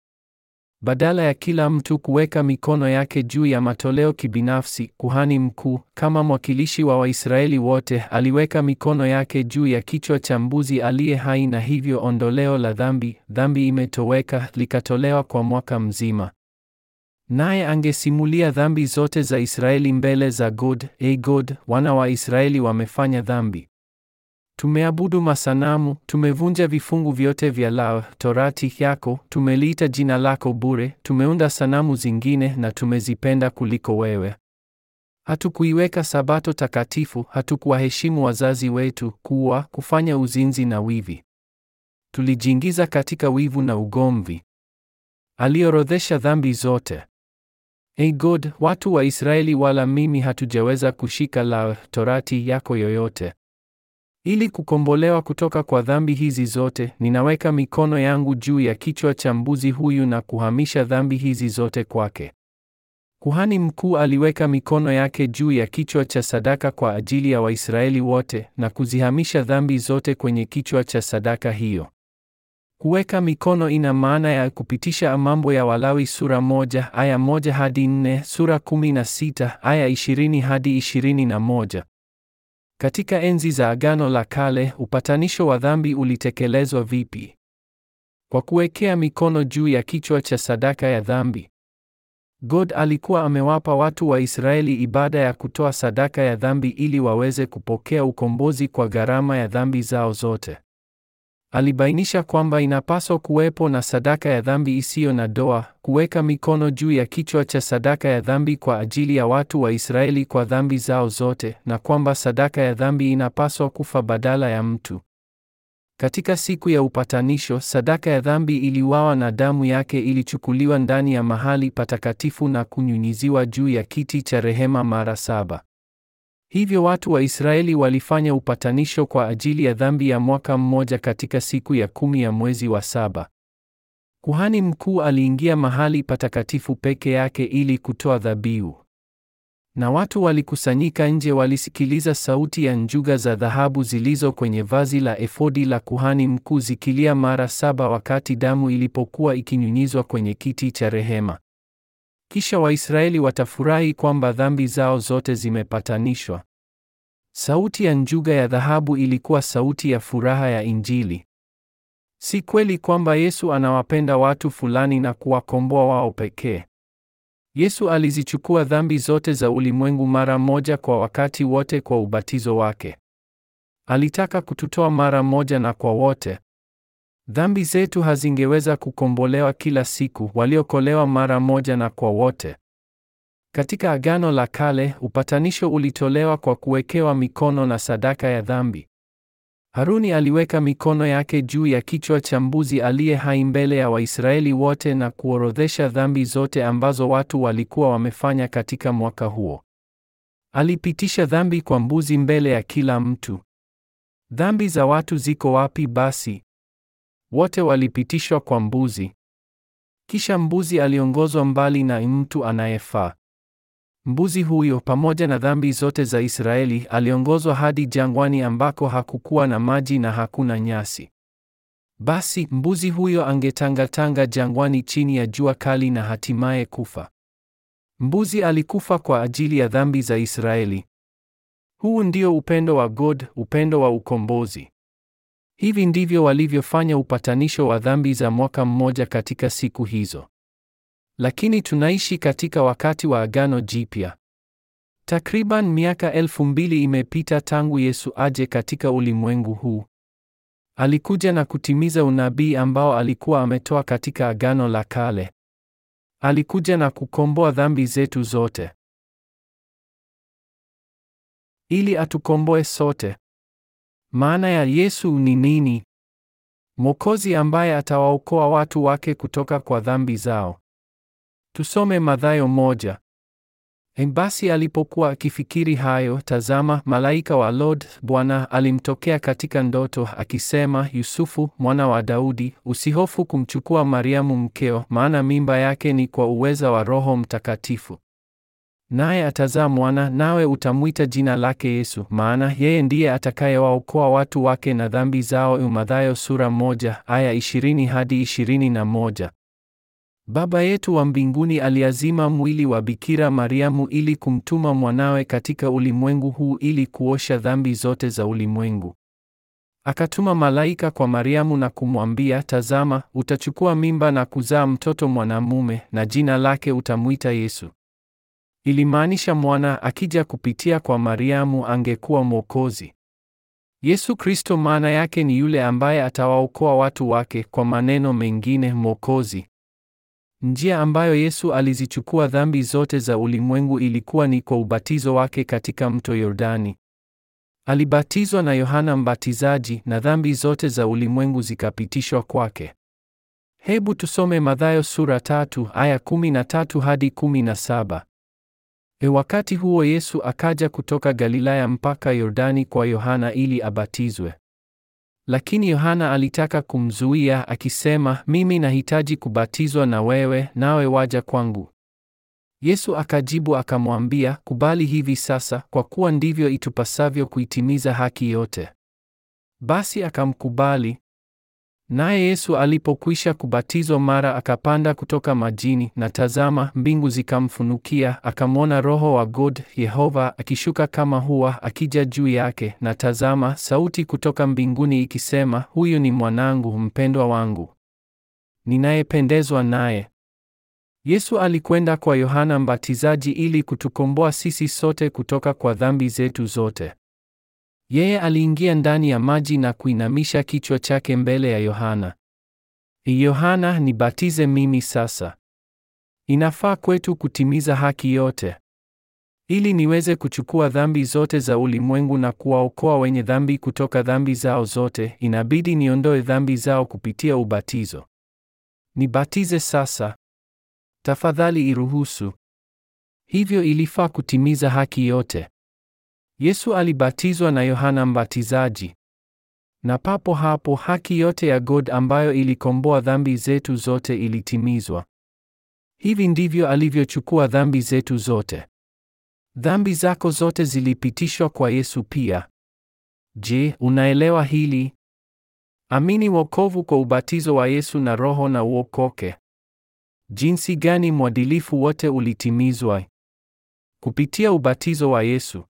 Badala ya kila mtu kuweka mikono yake juu ya matoleo kibinafsi, kuhani mkuu kama mwakilishi wa Waisraeli wote aliweka mikono yake juu ya kichwa cha mbuzi aliye hai, na hivyo ondoleo la dhambi, dhambi imetoweka, likatolewa kwa mwaka mzima. Naye angesimulia dhambi zote za Israeli mbele za God. e God, wana wa Israeli wamefanya dhambi. Tumeabudu masanamu, tumevunja vifungu vyote vya la Torati yako, tumeliita jina lako bure, tumeunda sanamu zingine na tumezipenda kuliko wewe. Hatukuiweka sabato takatifu, hatukuwaheshimu wazazi wetu, kuwa kufanya uzinzi na wivi. Tulijiingiza katika wivu na ugomvi. Aliorodhesha dhambi zote. Hey God, watu wa Israeli wala mimi hatujaweza kushika la torati yako yoyote. Ili kukombolewa kutoka kwa dhambi hizi zote, ninaweka mikono yangu juu ya kichwa cha mbuzi huyu na kuhamisha dhambi hizi zote kwake. Kuhani mkuu aliweka mikono yake juu ya kichwa cha sadaka kwa ajili ya Waisraeli wote na kuzihamisha dhambi zote kwenye kichwa cha sadaka hiyo. Kuweka mikono ina maana ya kupitisha mambo ya Walawi sura moja aya moja hadi nne, sura kumi na sita aya ishirini hadi ishirini na moja. Katika enzi za Agano la Kale, upatanisho wa dhambi ulitekelezwa vipi? Kwa kuwekea mikono juu ya kichwa cha sadaka ya dhambi. God alikuwa amewapa watu wa Israeli ibada ya kutoa sadaka ya dhambi ili waweze kupokea ukombozi kwa gharama ya dhambi zao zote. Alibainisha kwamba inapaswa kuwepo na sadaka ya dhambi isiyo na doa, kuweka mikono juu ya kichwa cha sadaka ya dhambi kwa ajili ya watu wa Israeli kwa dhambi zao zote, na kwamba sadaka ya dhambi inapaswa kufa badala ya mtu. Katika siku ya upatanisho, sadaka ya dhambi iliwawa na damu yake ilichukuliwa ndani ya mahali patakatifu na kunyunyiziwa juu ya kiti cha rehema mara saba. Hivyo watu wa Israeli walifanya upatanisho kwa ajili ya dhambi ya mwaka mmoja katika siku ya kumi ya mwezi wa saba. Kuhani mkuu aliingia mahali patakatifu peke yake ili kutoa dhabihu. Na watu walikusanyika nje walisikiliza sauti ya njuga za dhahabu zilizo kwenye vazi la efodi la kuhani mkuu zikilia mara saba wakati damu ilipokuwa ikinyunyizwa kwenye kiti cha rehema. Kisha Waisraeli watafurahi kwamba dhambi zao zote zimepatanishwa. Sauti ya njuga ya dhahabu ilikuwa sauti ya furaha ya Injili. Si kweli kwamba Yesu anawapenda watu fulani na kuwakomboa wao pekee. Yesu alizichukua dhambi zote za ulimwengu mara moja kwa wakati wote kwa ubatizo wake. Alitaka kututoa mara moja na kwa wote. Dhambi zetu hazingeweza kukombolewa kila siku, waliokolewa mara moja na kwa wote. Katika Agano la Kale, upatanisho ulitolewa kwa kuwekewa mikono na sadaka ya dhambi. Haruni aliweka mikono yake juu ya kichwa cha mbuzi aliye hai mbele ya Waisraeli wote na kuorodhesha dhambi zote ambazo watu walikuwa wamefanya katika mwaka huo. Alipitisha dhambi kwa mbuzi mbele ya kila mtu. Dhambi za watu ziko wapi basi? Wote walipitishwa kwa mbuzi. Kisha mbuzi aliongozwa mbali na mtu anayefaa. Mbuzi huyo pamoja na dhambi zote za Israeli aliongozwa hadi jangwani ambako hakukuwa na maji na hakuna nyasi. Basi mbuzi huyo angetangatanga jangwani chini ya jua kali na hatimaye kufa. Mbuzi alikufa kwa ajili ya dhambi za Israeli. Huu ndio upendo wa God, upendo wa ukombozi. Hivi ndivyo walivyofanya upatanisho wa dhambi za mwaka mmoja katika siku hizo. Lakini tunaishi katika wakati wa Agano Jipya. Takriban miaka elfu mbili imepita tangu Yesu aje katika ulimwengu huu. Alikuja na kutimiza unabii ambao alikuwa ametoa katika Agano la Kale. Alikuja na kukomboa dhambi zetu zote. Ili atukomboe sote. Maana ya Yesu ni nini? Mwokozi ambaye atawaokoa watu wake kutoka kwa dhambi zao. Tusome Mathayo moja. E, basi alipokuwa akifikiri hayo, tazama, malaika wa Lord Bwana alimtokea katika ndoto akisema, Yusufu mwana wa Daudi, usihofu kumchukua Mariamu mkeo, maana mimba yake ni kwa uweza wa Roho Mtakatifu. Naye atazaa mwana, nawe utamwita jina lake Yesu, maana yeye ndiye atakayewaokoa watu wake na dhambi zao. Mathayo sura moja aya ishirini hadi ishirini na moja. Baba yetu wa mbinguni aliazima mwili wa Bikira Mariamu ili kumtuma mwanawe katika ulimwengu huu ili kuosha dhambi zote za ulimwengu. Akatuma malaika kwa Mariamu na kumwambia, tazama, utachukua mimba na kuzaa mtoto mwanamume na jina lake utamwita Yesu. Ilimaanisha mwana akija kupitia kwa Mariamu angekuwa mwokozi. Yesu Kristo maana yake ni yule ambaye atawaokoa watu wake, kwa maneno mengine, mwokozi. Njia ambayo Yesu alizichukua dhambi zote za ulimwengu ilikuwa ni kwa ubatizo wake katika mto Yordani. Alibatizwa na Yohana Mbatizaji na dhambi zote za ulimwengu zikapitishwa kwake. Hebu tusome Mathayo sura tatu aya 13 hadi 17. E, wakati huo Yesu akaja kutoka Galilaya mpaka Yordani kwa Yohana ili abatizwe. Lakini Yohana alitaka kumzuia akisema, mimi nahitaji kubatizwa na wewe, nawe waja kwangu? Yesu akajibu akamwambia, kubali hivi sasa, kwa kuwa ndivyo itupasavyo kuitimiza haki yote. Basi akamkubali. Naye Yesu alipokwisha kubatizwa mara akapanda kutoka majini, na tazama, mbingu zikamfunukia, akamwona Roho wa God Yehova akishuka kama hua akija juu yake, na tazama, sauti kutoka mbinguni ikisema, huyu ni mwanangu mpendwa wangu ninayependezwa naye. Yesu alikwenda kwa Yohana Mbatizaji ili kutukomboa sisi sote kutoka kwa dhambi zetu zote. Yeye aliingia ndani ya maji na kuinamisha kichwa chake mbele ya Yohana. Yohana, nibatize mimi sasa. Inafaa kwetu kutimiza haki yote ili niweze kuchukua dhambi zote za ulimwengu na kuwaokoa wenye dhambi kutoka dhambi zao zote. Inabidi niondoe dhambi zao kupitia ubatizo. Nibatize sasa. Tafadhali iruhusu. Hivyo ilifaa kutimiza haki yote. Yesu alibatizwa na Yohana Mbatizaji. Na papo hapo haki yote ya God ambayo ilikomboa dhambi zetu zote ilitimizwa. Hivi ndivyo alivyochukua dhambi zetu zote. Dhambi zako zote zilipitishwa kwa Yesu pia. Je, unaelewa hili? Amini wokovu kwa ubatizo wa Yesu na Roho na uokoke. Jinsi gani mwadilifu wote ulitimizwa? Kupitia ubatizo wa Yesu.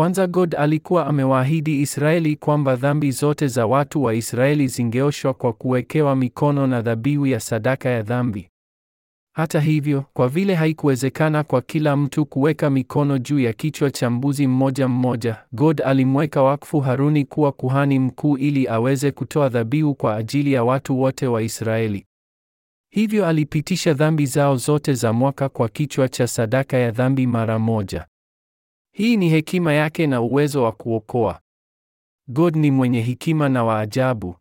Kwanza God alikuwa amewaahidi Israeli kwamba dhambi zote za watu wa Israeli zingeoshwa kwa kuwekewa mikono na dhabihu ya sadaka ya dhambi. Hata hivyo, kwa vile haikuwezekana kwa kila mtu kuweka mikono juu ya kichwa cha mbuzi mmoja mmoja, God alimweka wakfu Haruni kuwa kuhani mkuu ili aweze kutoa dhabihu kwa ajili ya watu wote wa Israeli. Hivyo alipitisha dhambi zao zote za mwaka kwa kichwa cha sadaka ya dhambi mara moja. Hii ni hekima yake na uwezo wa kuokoa. God ni mwenye hekima na waajabu.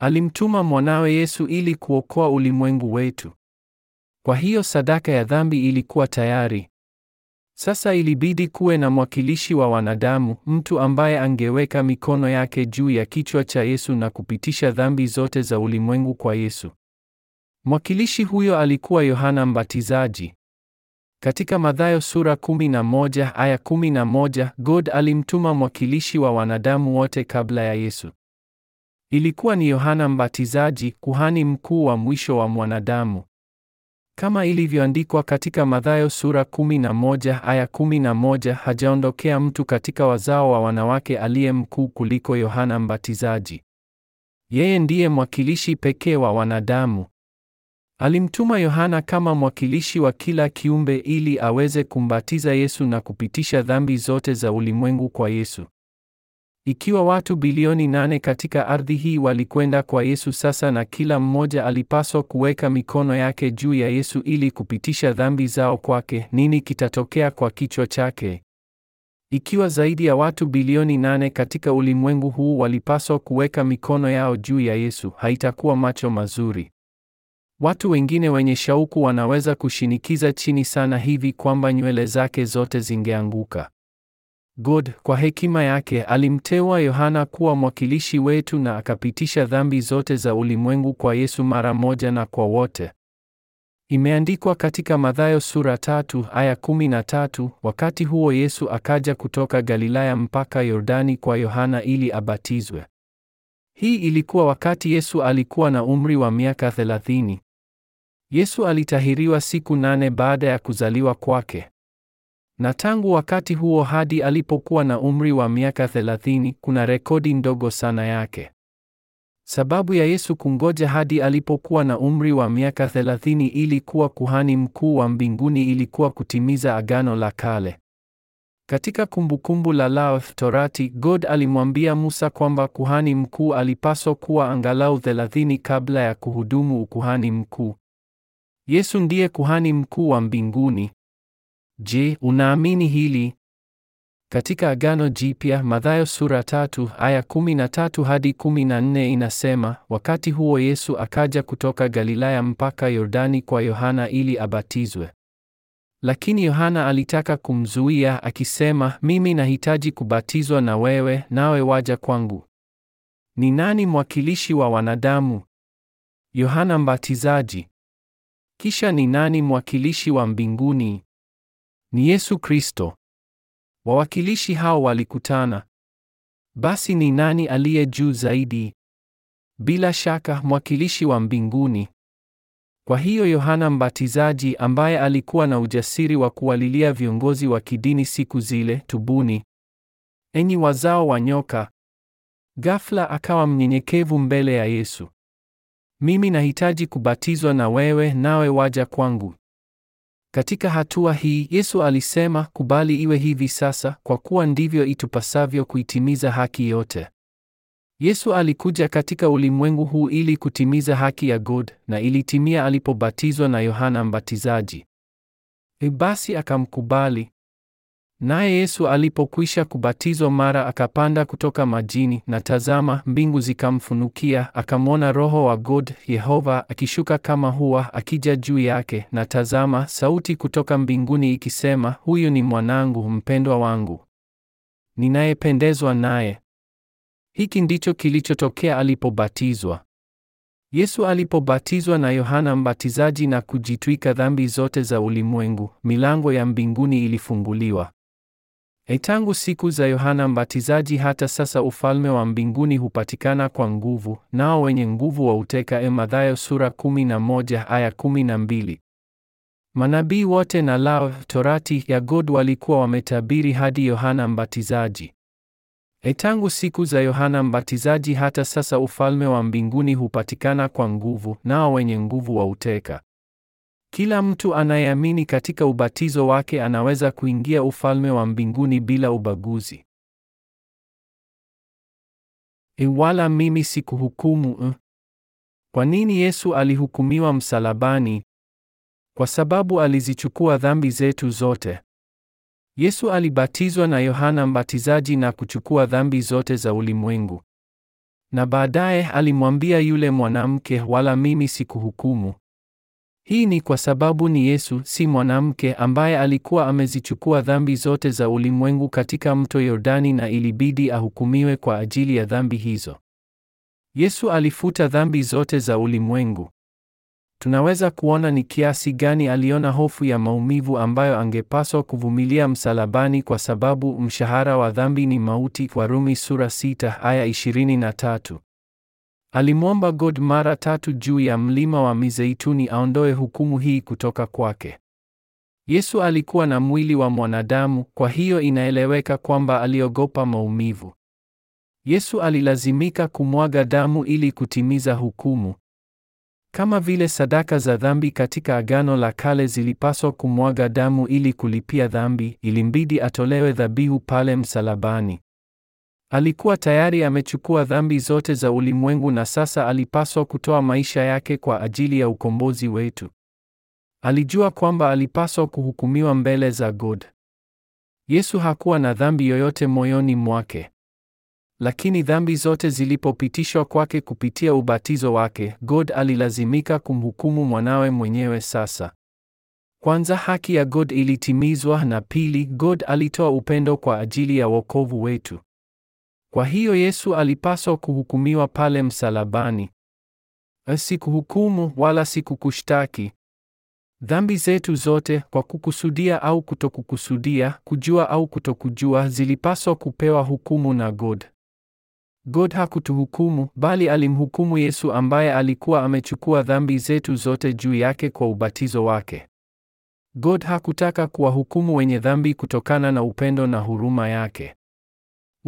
Alimtuma mwanawe Yesu ili kuokoa ulimwengu wetu. Kwa hiyo sadaka ya dhambi ilikuwa tayari. Sasa ilibidi kuwe na mwakilishi wa wanadamu, mtu ambaye angeweka mikono yake juu ya kichwa cha Yesu na kupitisha dhambi zote za ulimwengu kwa Yesu. Mwakilishi huyo alikuwa Yohana Mbatizaji. Katika Mathayo sura 11 aya 11, God alimtuma mwakilishi wa wanadamu wote kabla ya Yesu. Ilikuwa ni Yohana Mbatizaji, kuhani mkuu wa mwisho wa mwanadamu. Kama ilivyoandikwa katika Mathayo sura 11 aya 11, hajaondokea mtu katika wazao wa wanawake aliye mkuu kuliko Yohana Mbatizaji. Yeye ndiye mwakilishi pekee wa wanadamu. Alimtuma Yohana kama mwakilishi wa kila kiumbe ili aweze kumbatiza Yesu na kupitisha dhambi zote za ulimwengu kwa Yesu. Ikiwa watu bilioni nane katika ardhi hii walikwenda kwa Yesu sasa na kila mmoja alipaswa kuweka mikono yake juu ya Yesu ili kupitisha dhambi zao kwake, nini kitatokea kwa kichwa chake? Ikiwa zaidi ya watu bilioni nane katika ulimwengu huu walipaswa kuweka mikono yao juu ya Yesu, haitakuwa macho mazuri. Watu wengine wenye shauku wanaweza kushinikiza chini sana hivi kwamba nywele zake zote zingeanguka. God kwa hekima yake alimteua Yohana kuwa mwakilishi wetu na akapitisha dhambi zote za ulimwengu kwa Yesu mara moja na kwa wote. Imeandikwa katika Mathayo sura tatu aya kumi na tatu, wakati huo Yesu akaja kutoka Galilaya mpaka Yordani kwa Yohana ili abatizwe. Hii ilikuwa wakati Yesu alikuwa na umri wa miaka thelathini. Yesu alitahiriwa siku nane baada ya kuzaliwa kwake. Na tangu wakati huo hadi alipokuwa na umri wa miaka 30 kuna rekodi ndogo sana yake. Sababu ya Yesu kungoja hadi alipokuwa na umri wa miaka 30 ili kuwa kuhani mkuu wa mbinguni ilikuwa kutimiza agano la kale. Katika Kumbukumbu la Law Torati, God alimwambia Musa kwamba kuhani mkuu alipaswa kuwa angalau 30 kabla ya kuhudumu ukuhani mkuu. Yesu ndiye kuhani mkuu wa mbinguni. Je, unaamini hili? Katika Agano Jipya, Mathayo sura tatu aya tatu hadi 14 inasema, wakati huo Yesu akaja kutoka Galilaya mpaka Yordani kwa Yohana ili abatizwe. Lakini Yohana alitaka kumzuia akisema, mimi nahitaji kubatizwa na wewe, nawe waja kwangu? Ni nani mwakilishi wa wanadamu? Yohana Mbatizaji. Kisha ni nani mwakilishi wa mbinguni? Ni Yesu Kristo. Wawakilishi hao walikutana. Basi ni nani aliye juu zaidi? Bila shaka mwakilishi wa mbinguni. Kwa hiyo Yohana Mbatizaji ambaye alikuwa na ujasiri wa kuwalilia viongozi wa kidini siku zile, tubuni, enyi wazao wa nyoka, ghafla akawa mnyenyekevu mbele ya Yesu. Mimi nahitaji kubatizwa na wewe nawe waja kwangu. Katika hatua hii Yesu alisema, kubali iwe hivi sasa, kwa kuwa ndivyo itupasavyo kuitimiza haki yote. Yesu alikuja katika ulimwengu huu ili kutimiza haki ya God, na ilitimia alipobatizwa na Yohana Mbatizaji. E, basi akamkubali. Naye Yesu alipokwisha kubatizwa mara akapanda kutoka majini, na tazama, mbingu zikamfunukia, akamwona Roho wa God Yehova akishuka kama hua akija juu yake, na tazama, sauti kutoka mbinguni ikisema, huyu ni mwanangu mpendwa wangu ninayependezwa naye. Hiki ndicho kilichotokea alipobatizwa. Yesu alipobatizwa na Yohana Mbatizaji na kujitwika dhambi zote za ulimwengu, milango ya mbinguni ilifunguliwa. E, tangu siku za Yohana Mbatizaji hata sasa ufalme wa mbinguni hupatikana kwa nguvu, nao wenye nguvu uteka. E, Mathayo sura 11 aya 12. Manabii wote na lao Torati ya God walikuwa wametabiri hadi Yohana Mbatizaji. E, tangu siku za Yohana Mbatizaji hata sasa ufalme wa mbinguni hupatikana kwa nguvu, nao wenye nguvu wa uteka e, kila mtu anayeamini katika ubatizo wake anaweza kuingia ufalme wa mbinguni bila ubaguzi. E, wala mimi sikuhukumu. Eh? Kwa nini Yesu alihukumiwa msalabani? Kwa sababu alizichukua dhambi zetu zote. Yesu alibatizwa na Yohana Mbatizaji na kuchukua dhambi zote za ulimwengu. Na baadaye alimwambia yule mwanamke, wala mimi sikuhukumu. Hii ni kwa sababu ni Yesu, si mwanamke, ambaye alikuwa amezichukua dhambi zote za ulimwengu katika mto Yordani na ilibidi ahukumiwe kwa ajili ya dhambi hizo. Yesu alifuta dhambi zote za ulimwengu. Tunaweza kuona ni kiasi gani aliona hofu ya maumivu ambayo angepaswa kuvumilia msalabani kwa sababu mshahara wa dhambi ni mauti, Warumi sura 6 aya 23. Alimwomba God mara tatu juu ya mlima wa Mizeituni aondoe hukumu hii kutoka kwake. Yesu alikuwa na mwili wa mwanadamu, kwa hiyo inaeleweka kwamba aliogopa maumivu. Yesu alilazimika kumwaga damu ili kutimiza hukumu. Kama vile sadaka za dhambi katika Agano la Kale zilipaswa kumwaga damu ili kulipia dhambi, ilimbidi atolewe dhabihu pale msalabani. Alikuwa tayari amechukua dhambi zote za ulimwengu na sasa alipaswa kutoa maisha yake kwa ajili ya ukombozi wetu. Alijua kwamba alipaswa kuhukumiwa mbele za God. Yesu hakuwa na dhambi yoyote moyoni mwake. Lakini dhambi zote zilipopitishwa kwake kupitia ubatizo wake, God alilazimika kumhukumu mwanawe mwenyewe sasa. Kwanza, haki ya God ilitimizwa na pili, God alitoa upendo kwa ajili ya wokovu wetu. Kwa hiyo Yesu alipaswa kuhukumiwa pale msalabani. Sikuhukumu wala sikukushtaki. Dhambi zetu zote kwa kukusudia au kutokukusudia, kujua au kutokujua zilipaswa kupewa hukumu na God. God hakutuhukumu bali alimhukumu Yesu ambaye alikuwa amechukua dhambi zetu zote juu yake kwa ubatizo wake. God hakutaka kuwahukumu wenye dhambi kutokana na upendo na huruma yake.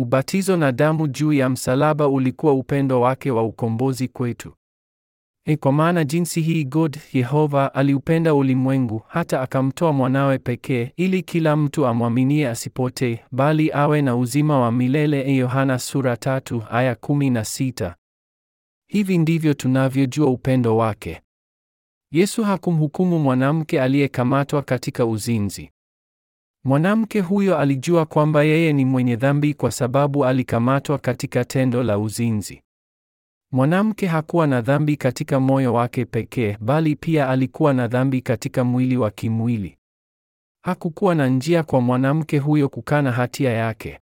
Ubatizo na damu juu ya msalaba ulikuwa upendo wake wa ukombozi kwetu. E, kwa maana jinsi hii God Yehova aliupenda ulimwengu hata akamtoa mwanawe pekee, ili kila mtu amwaminie asipotee, bali awe na uzima wa milele. E, Yohana sura tatu aya kumi na sita. Hivi ndivyo tunavyojua upendo wake. Yesu hakumhukumu mwanamke aliyekamatwa katika uzinzi. Mwanamke huyo alijua kwamba yeye ni mwenye dhambi kwa sababu alikamatwa katika tendo la uzinzi. Mwanamke hakuwa na dhambi katika moyo wake pekee, bali pia alikuwa na dhambi katika mwili wa kimwili. Hakukuwa na njia kwa mwanamke huyo kukana hatia yake.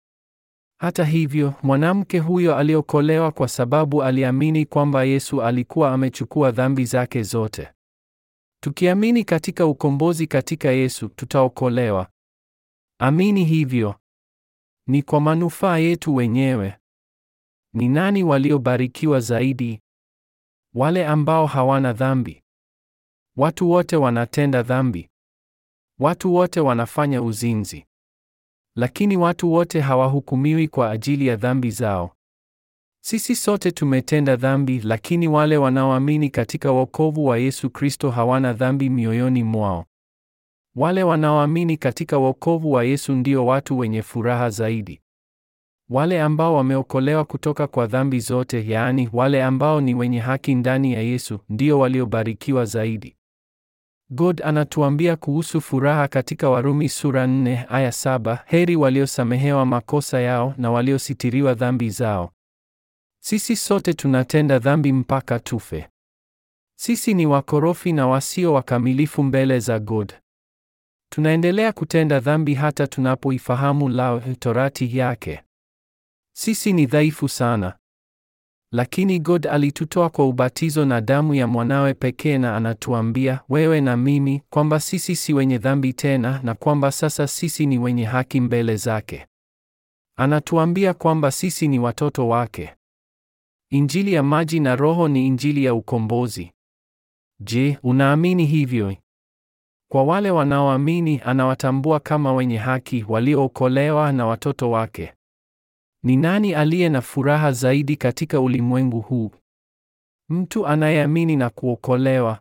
Hata hivyo, mwanamke huyo aliokolewa kwa sababu aliamini kwamba Yesu alikuwa amechukua dhambi zake zote. Tukiamini katika ukombozi katika Yesu, tutaokolewa. Amini hivyo. Ni kwa manufaa yetu wenyewe. Ni nani waliobarikiwa zaidi? Wale ambao hawana dhambi. Watu wote wanatenda dhambi. Watu wote wanafanya uzinzi. Lakini watu wote hawahukumiwi kwa ajili ya dhambi zao. Sisi sote tumetenda dhambi, lakini wale wanaoamini katika wokovu wa Yesu Kristo hawana dhambi mioyoni mwao. Wale wanaoamini katika wokovu wa Yesu ndio watu wenye furaha zaidi. Wale ambao wameokolewa kutoka kwa dhambi zote, yaani wale ambao ni wenye haki ndani ya Yesu, ndio waliobarikiwa zaidi. God anatuambia kuhusu furaha katika Warumi sura 4 aya saba, heri waliosamehewa makosa yao na waliositiriwa dhambi zao. Sisi sote tunatenda dhambi mpaka tufe. Sisi ni wakorofi na wasio wakamilifu mbele za God. Tunaendelea kutenda dhambi hata tunapoifahamu lao torati yake. Sisi ni dhaifu sana, lakini God alitutoa kwa ubatizo na damu ya mwanawe pekee, na anatuambia wewe na mimi kwamba sisi si wenye dhambi tena, na kwamba sasa sisi ni wenye haki mbele zake. Anatuambia kwamba sisi ni watoto wake. Injili ya maji na Roho ni injili ya ukombozi. Je, unaamini hivyo? Kwa wale wanaoamini, anawatambua kama wenye haki, waliookolewa na watoto wake. Ni nani aliye na furaha zaidi katika ulimwengu huu? Mtu anayeamini na kuokolewa.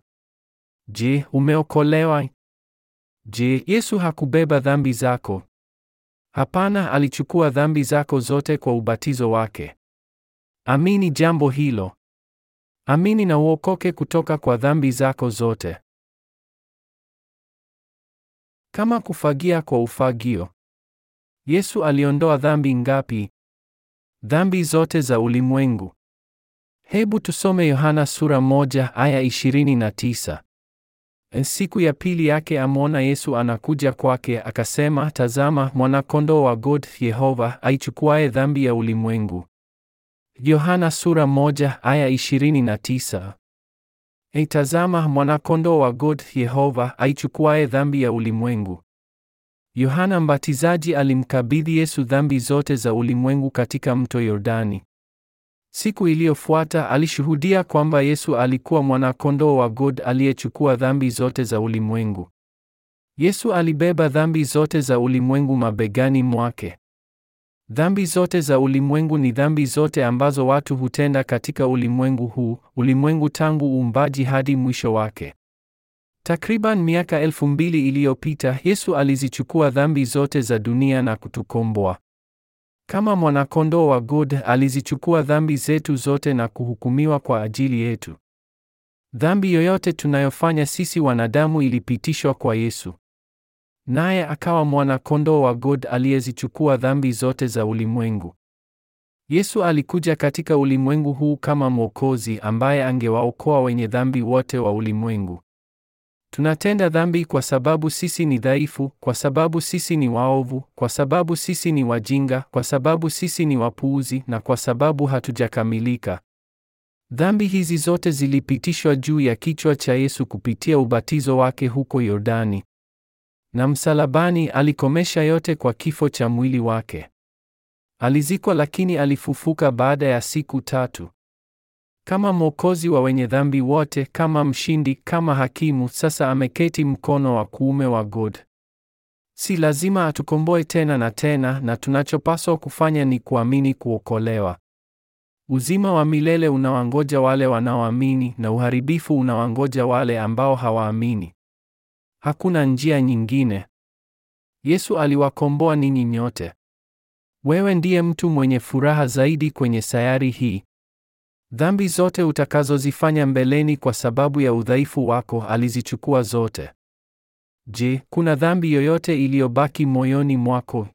Je, umeokolewa? Je, Yesu hakubeba dhambi zako? Hapana, alichukua dhambi zako zote kwa ubatizo wake. Amini jambo hilo. Amini na uokoke kutoka kwa dhambi zako zote. Kama kufagia kwa ufagio. Yesu aliondoa dhambi ngapi? Dhambi zote za ulimwengu. Hebu tusome Yohana sura moja aya tisa. E, siku ya pili yake amwona Yesu anakuja kwake, akasema, tazama mwanakondoo wa God Yehova aichukuaye dhambi ya ulimwengu. Yohana sura moja aya 29. Eitazama mwanakondoo wa God Yehova aichukuaye dhambi ya ulimwengu. Yohana Mbatizaji alimkabidhi Yesu dhambi zote za ulimwengu katika mto Yordani. Siku iliyofuata alishuhudia kwamba Yesu alikuwa mwanakondoo wa God aliyechukua dhambi zote za ulimwengu. Yesu alibeba dhambi zote za ulimwengu mabegani mwake. Dhambi zote za ulimwengu ni dhambi zote ambazo watu hutenda katika ulimwengu huu, ulimwengu tangu uumbaji hadi mwisho wake. Takriban miaka elfu mbili iliyopita Yesu alizichukua dhambi zote za dunia na kutukomboa. Kama mwanakondoo wa God alizichukua dhambi zetu zote na kuhukumiwa kwa ajili yetu. Dhambi yoyote tunayofanya sisi wanadamu ilipitishwa kwa Yesu. Naye akawa mwana-kondoo wa God aliyezichukua dhambi zote za ulimwengu. Yesu alikuja katika ulimwengu huu kama Mwokozi ambaye angewaokoa wenye dhambi wote wa ulimwengu. Tunatenda dhambi kwa sababu sisi ni dhaifu, kwa sababu sisi ni waovu, kwa sababu sisi ni wajinga, kwa sababu sisi ni wapuuzi na kwa sababu hatujakamilika. Dhambi hizi zote zilipitishwa juu ya kichwa cha Yesu kupitia ubatizo wake huko Yordani. Na msalabani alikomesha yote kwa kifo cha mwili wake. Alizikwa lakini alifufuka baada ya siku tatu. Kama mwokozi wa wenye dhambi wote, kama mshindi, kama hakimu, sasa ameketi mkono wa kuume wa God. Si lazima atukomboe tena na tena, na tunachopaswa kufanya ni kuamini kuokolewa. Uzima wa milele unawangoja wale wanaoamini na uharibifu unawangoja wale ambao hawaamini. Hakuna njia nyingine. Yesu aliwakomboa ninyi nyote. Wewe ndiye mtu mwenye furaha zaidi kwenye sayari hii. Dhambi zote utakazozifanya mbeleni kwa sababu ya udhaifu wako alizichukua zote. Je, kuna dhambi yoyote iliyobaki moyoni mwako?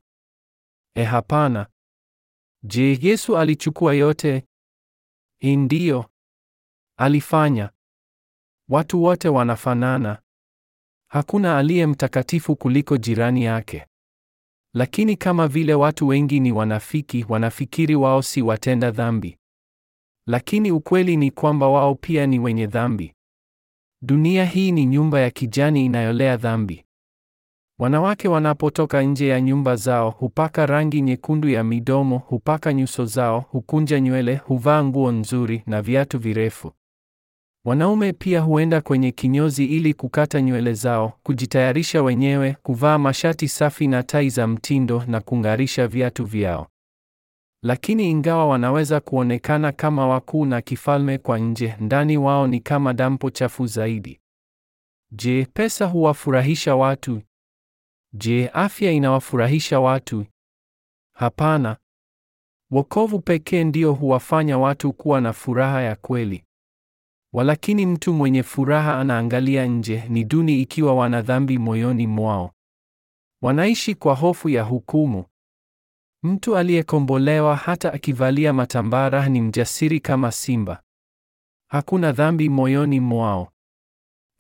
E, hapana. Je, Yesu alichukua yote? E, ndiyo. Alifanya. Watu wote wanafanana. Hakuna aliye mtakatifu kuliko jirani yake. Lakini kama vile watu wengi ni wanafiki, wanafikiri wao si watenda dhambi. Lakini ukweli ni kwamba wao pia ni wenye dhambi. Dunia hii ni nyumba ya kijani inayolea dhambi. Wanawake wanapotoka nje ya nyumba zao hupaka rangi nyekundu ya midomo, hupaka nyuso zao, hukunja nywele, huvaa nguo nzuri na viatu virefu. Wanaume pia huenda kwenye kinyozi ili kukata nywele zao, kujitayarisha wenyewe, kuvaa mashati safi na tai za mtindo na kung'arisha viatu vyao. Lakini ingawa wanaweza kuonekana kama wakuu na kifalme kwa nje, ndani wao ni kama dampo chafu zaidi. Je, pesa huwafurahisha watu? Je, afya inawafurahisha watu? Hapana. Wokovu pekee ndio huwafanya watu kuwa na furaha ya kweli. Walakini mtu mwenye furaha anaangalia nje, ni duni ikiwa wana dhambi moyoni mwao. Wanaishi kwa hofu ya hukumu. Mtu aliyekombolewa hata akivalia matambara ni mjasiri kama simba. Hakuna dhambi moyoni mwao.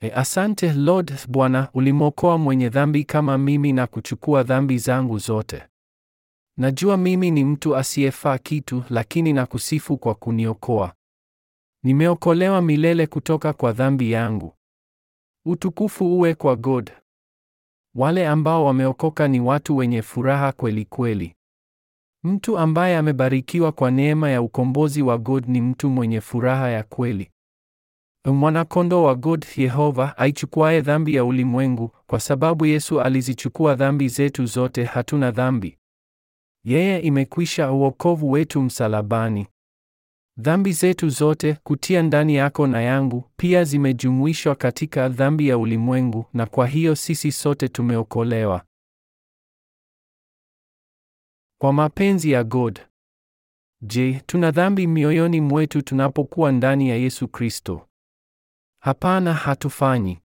E, asante Lord Bwana, ulimwokoa mwenye dhambi kama mimi na kuchukua dhambi zangu zote. Najua mimi ni mtu asiyefaa kitu, lakini nakusifu kwa kuniokoa. Nimeokolewa milele kutoka kwa dhambi yangu. Utukufu uwe kwa God. Wale ambao wameokoka ni watu wenye furaha kweli kweli. Mtu ambaye amebarikiwa kwa neema ya ukombozi wa God ni mtu mwenye furaha ya kweli. mwanakondo wa God Yehova aichukuaye dhambi ya ulimwengu, kwa sababu Yesu alizichukua dhambi zetu zote, hatuna dhambi. Yeye imekwisha uokovu wetu msalabani. Dhambi zetu zote kutia ndani yako na yangu pia zimejumuishwa katika dhambi ya ulimwengu na kwa hiyo sisi sote tumeokolewa. Kwa mapenzi ya God. Je, tuna dhambi mioyoni mwetu tunapokuwa ndani ya Yesu Kristo? Hapana, hatufanyi.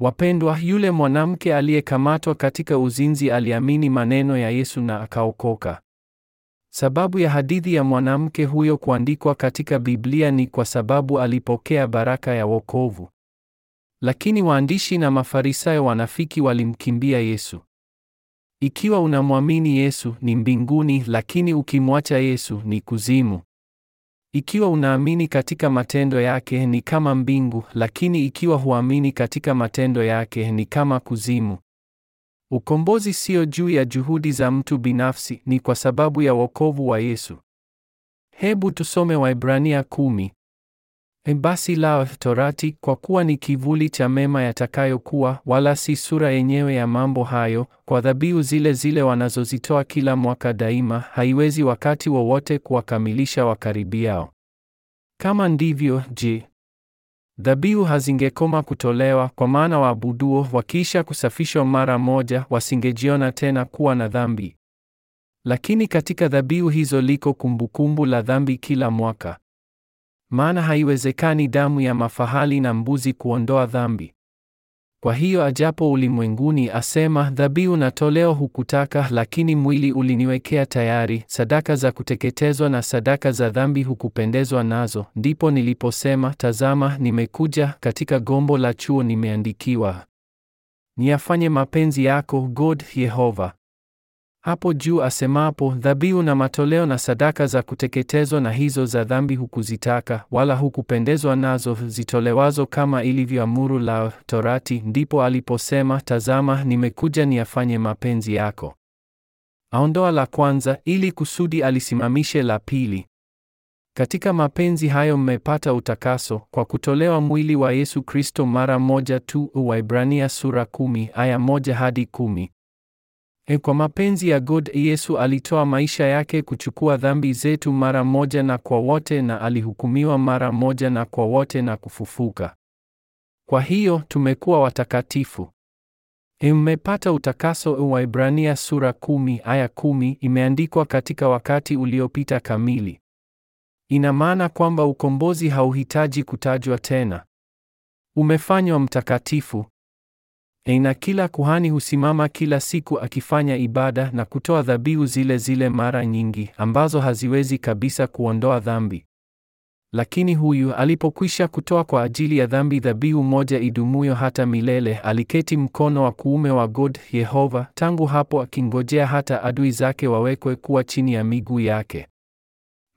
Wapendwa, yule mwanamke aliyekamatwa katika uzinzi aliamini maneno ya Yesu na akaokoka. Sababu ya hadithi ya mwanamke huyo kuandikwa katika Biblia ni kwa sababu alipokea baraka ya wokovu. Lakini waandishi na Mafarisayo wanafiki walimkimbia Yesu. Ikiwa unamwamini Yesu ni mbinguni, lakini ukimwacha Yesu ni kuzimu. Ikiwa unaamini katika matendo yake ni kama mbingu, lakini ikiwa huamini katika matendo yake ni kama kuzimu. Ukombozi sio juu ya juhudi za mtu binafsi, ni kwa sababu ya wokovu wa Yesu. Hebu tusome Waibrania kumi. E basi la Torati, kwa kuwa ni kivuli cha mema yatakayokuwa, wala si sura yenyewe ya mambo hayo, kwa dhabihu zile zile wanazozitoa kila mwaka daima, haiwezi wakati wowote kuwakamilisha wakaribiao. Kama ndivyo, je, Dhabihu hazingekoma kutolewa, kwa maana waabuduo wakiisha kusafishwa mara moja wasingejiona tena kuwa na dhambi. Lakini katika dhabihu hizo liko kumbukumbu la dhambi kila mwaka, maana haiwezekani damu ya mafahali na mbuzi kuondoa dhambi. Kwa hiyo ajapo ulimwenguni, asema dhabihu na toleo hukutaka, lakini mwili uliniwekea tayari; sadaka za kuteketezwa na sadaka za dhambi hukupendezwa nazo. Ndipo niliposema, tazama, nimekuja; katika gombo la chuo nimeandikiwa, niyafanye mapenzi yako, God Yehova hapo juu asemapo, dhabihu na matoleo na sadaka za kuteketezwa na hizo za dhambi hukuzitaka, wala hukupendezwa nazo, zitolewazo kama ilivyoamuru la Torati, ndipo aliposema, tazama, nimekuja niyafanye mapenzi yako. Aondoa la kwanza ili kusudi alisimamishe la pili. Katika mapenzi hayo mmepata utakaso kwa kutolewa mwili wa Yesu Kristo mara moja tu. Waibrania sura kumi aya moja hadi kumi. E, kwa mapenzi ya God Yesu alitoa maisha yake kuchukua dhambi zetu mara moja na kwa wote, na alihukumiwa mara moja na kwa wote na kufufuka. Kwa hiyo tumekuwa watakatifu. E, mmepata utakaso. Waibrania sura kumi aya kumi imeandikwa katika wakati uliopita kamili. Ina maana kwamba ukombozi hauhitaji kutajwa tena. Umefanywa mtakatifu na kila kuhani husimama kila siku akifanya ibada na kutoa dhabihu zile zile mara nyingi, ambazo haziwezi kabisa kuondoa dhambi. Lakini huyu alipokwisha kutoa kwa ajili ya dhambi dhabihu moja idumuyo hata milele, aliketi mkono wa kuume wa God Yehova, tangu hapo akingojea hata adui zake wawekwe kuwa chini ya miguu yake.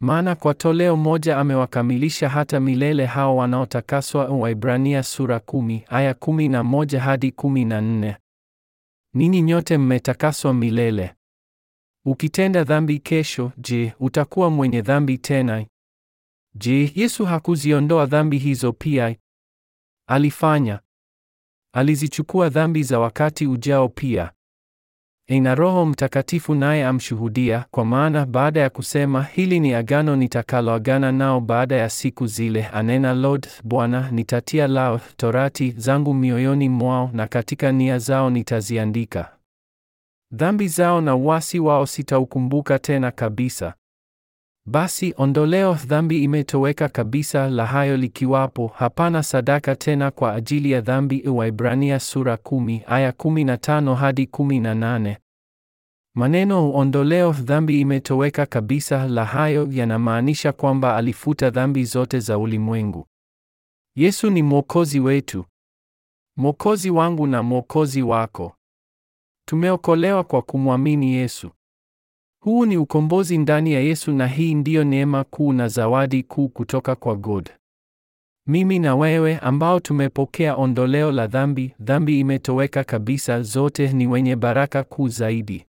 Maana kwa toleo moja amewakamilisha hata milele hao wanaotakaswa. Waibrania sura kumi aya kumi na moja hadi kumi na nne. Ninyi nyote mmetakaswa milele. Ukitenda dhambi kesho, je, utakuwa mwenye dhambi tena? Je, Yesu hakuziondoa dhambi hizo pia? Alifanya. Alizichukua dhambi za wakati ujao pia ina Roho Mtakatifu naye amshuhudia, kwa maana baada ya kusema hili ni agano nitakaloagana nao baada ya siku zile, anena Lord Bwana, nitatia lao torati zangu mioyoni mwao, na katika nia zao nitaziandika. Dhambi zao na uasi wao sitaukumbuka tena kabisa. Basi ondoleo dhambi imetoweka kabisa, la hayo likiwapo, hapana sadaka tena kwa ajili ya dhambi. Waibrania sura 10 aya 15 hadi 18. Maneno ondoleo dhambi imetoweka kabisa la hayo yanamaanisha kwamba alifuta dhambi zote za ulimwengu. Yesu ni mwokozi wetu, mwokozi wangu na mwokozi wako. Tumeokolewa kwa kumwamini Yesu. Huu ni ukombozi ndani ya Yesu, na hii ndiyo neema kuu na zawadi kuu kutoka kwa God. Mimi na wewe ambao tumepokea ondoleo la dhambi, dhambi imetoweka kabisa zote, ni wenye baraka kuu zaidi.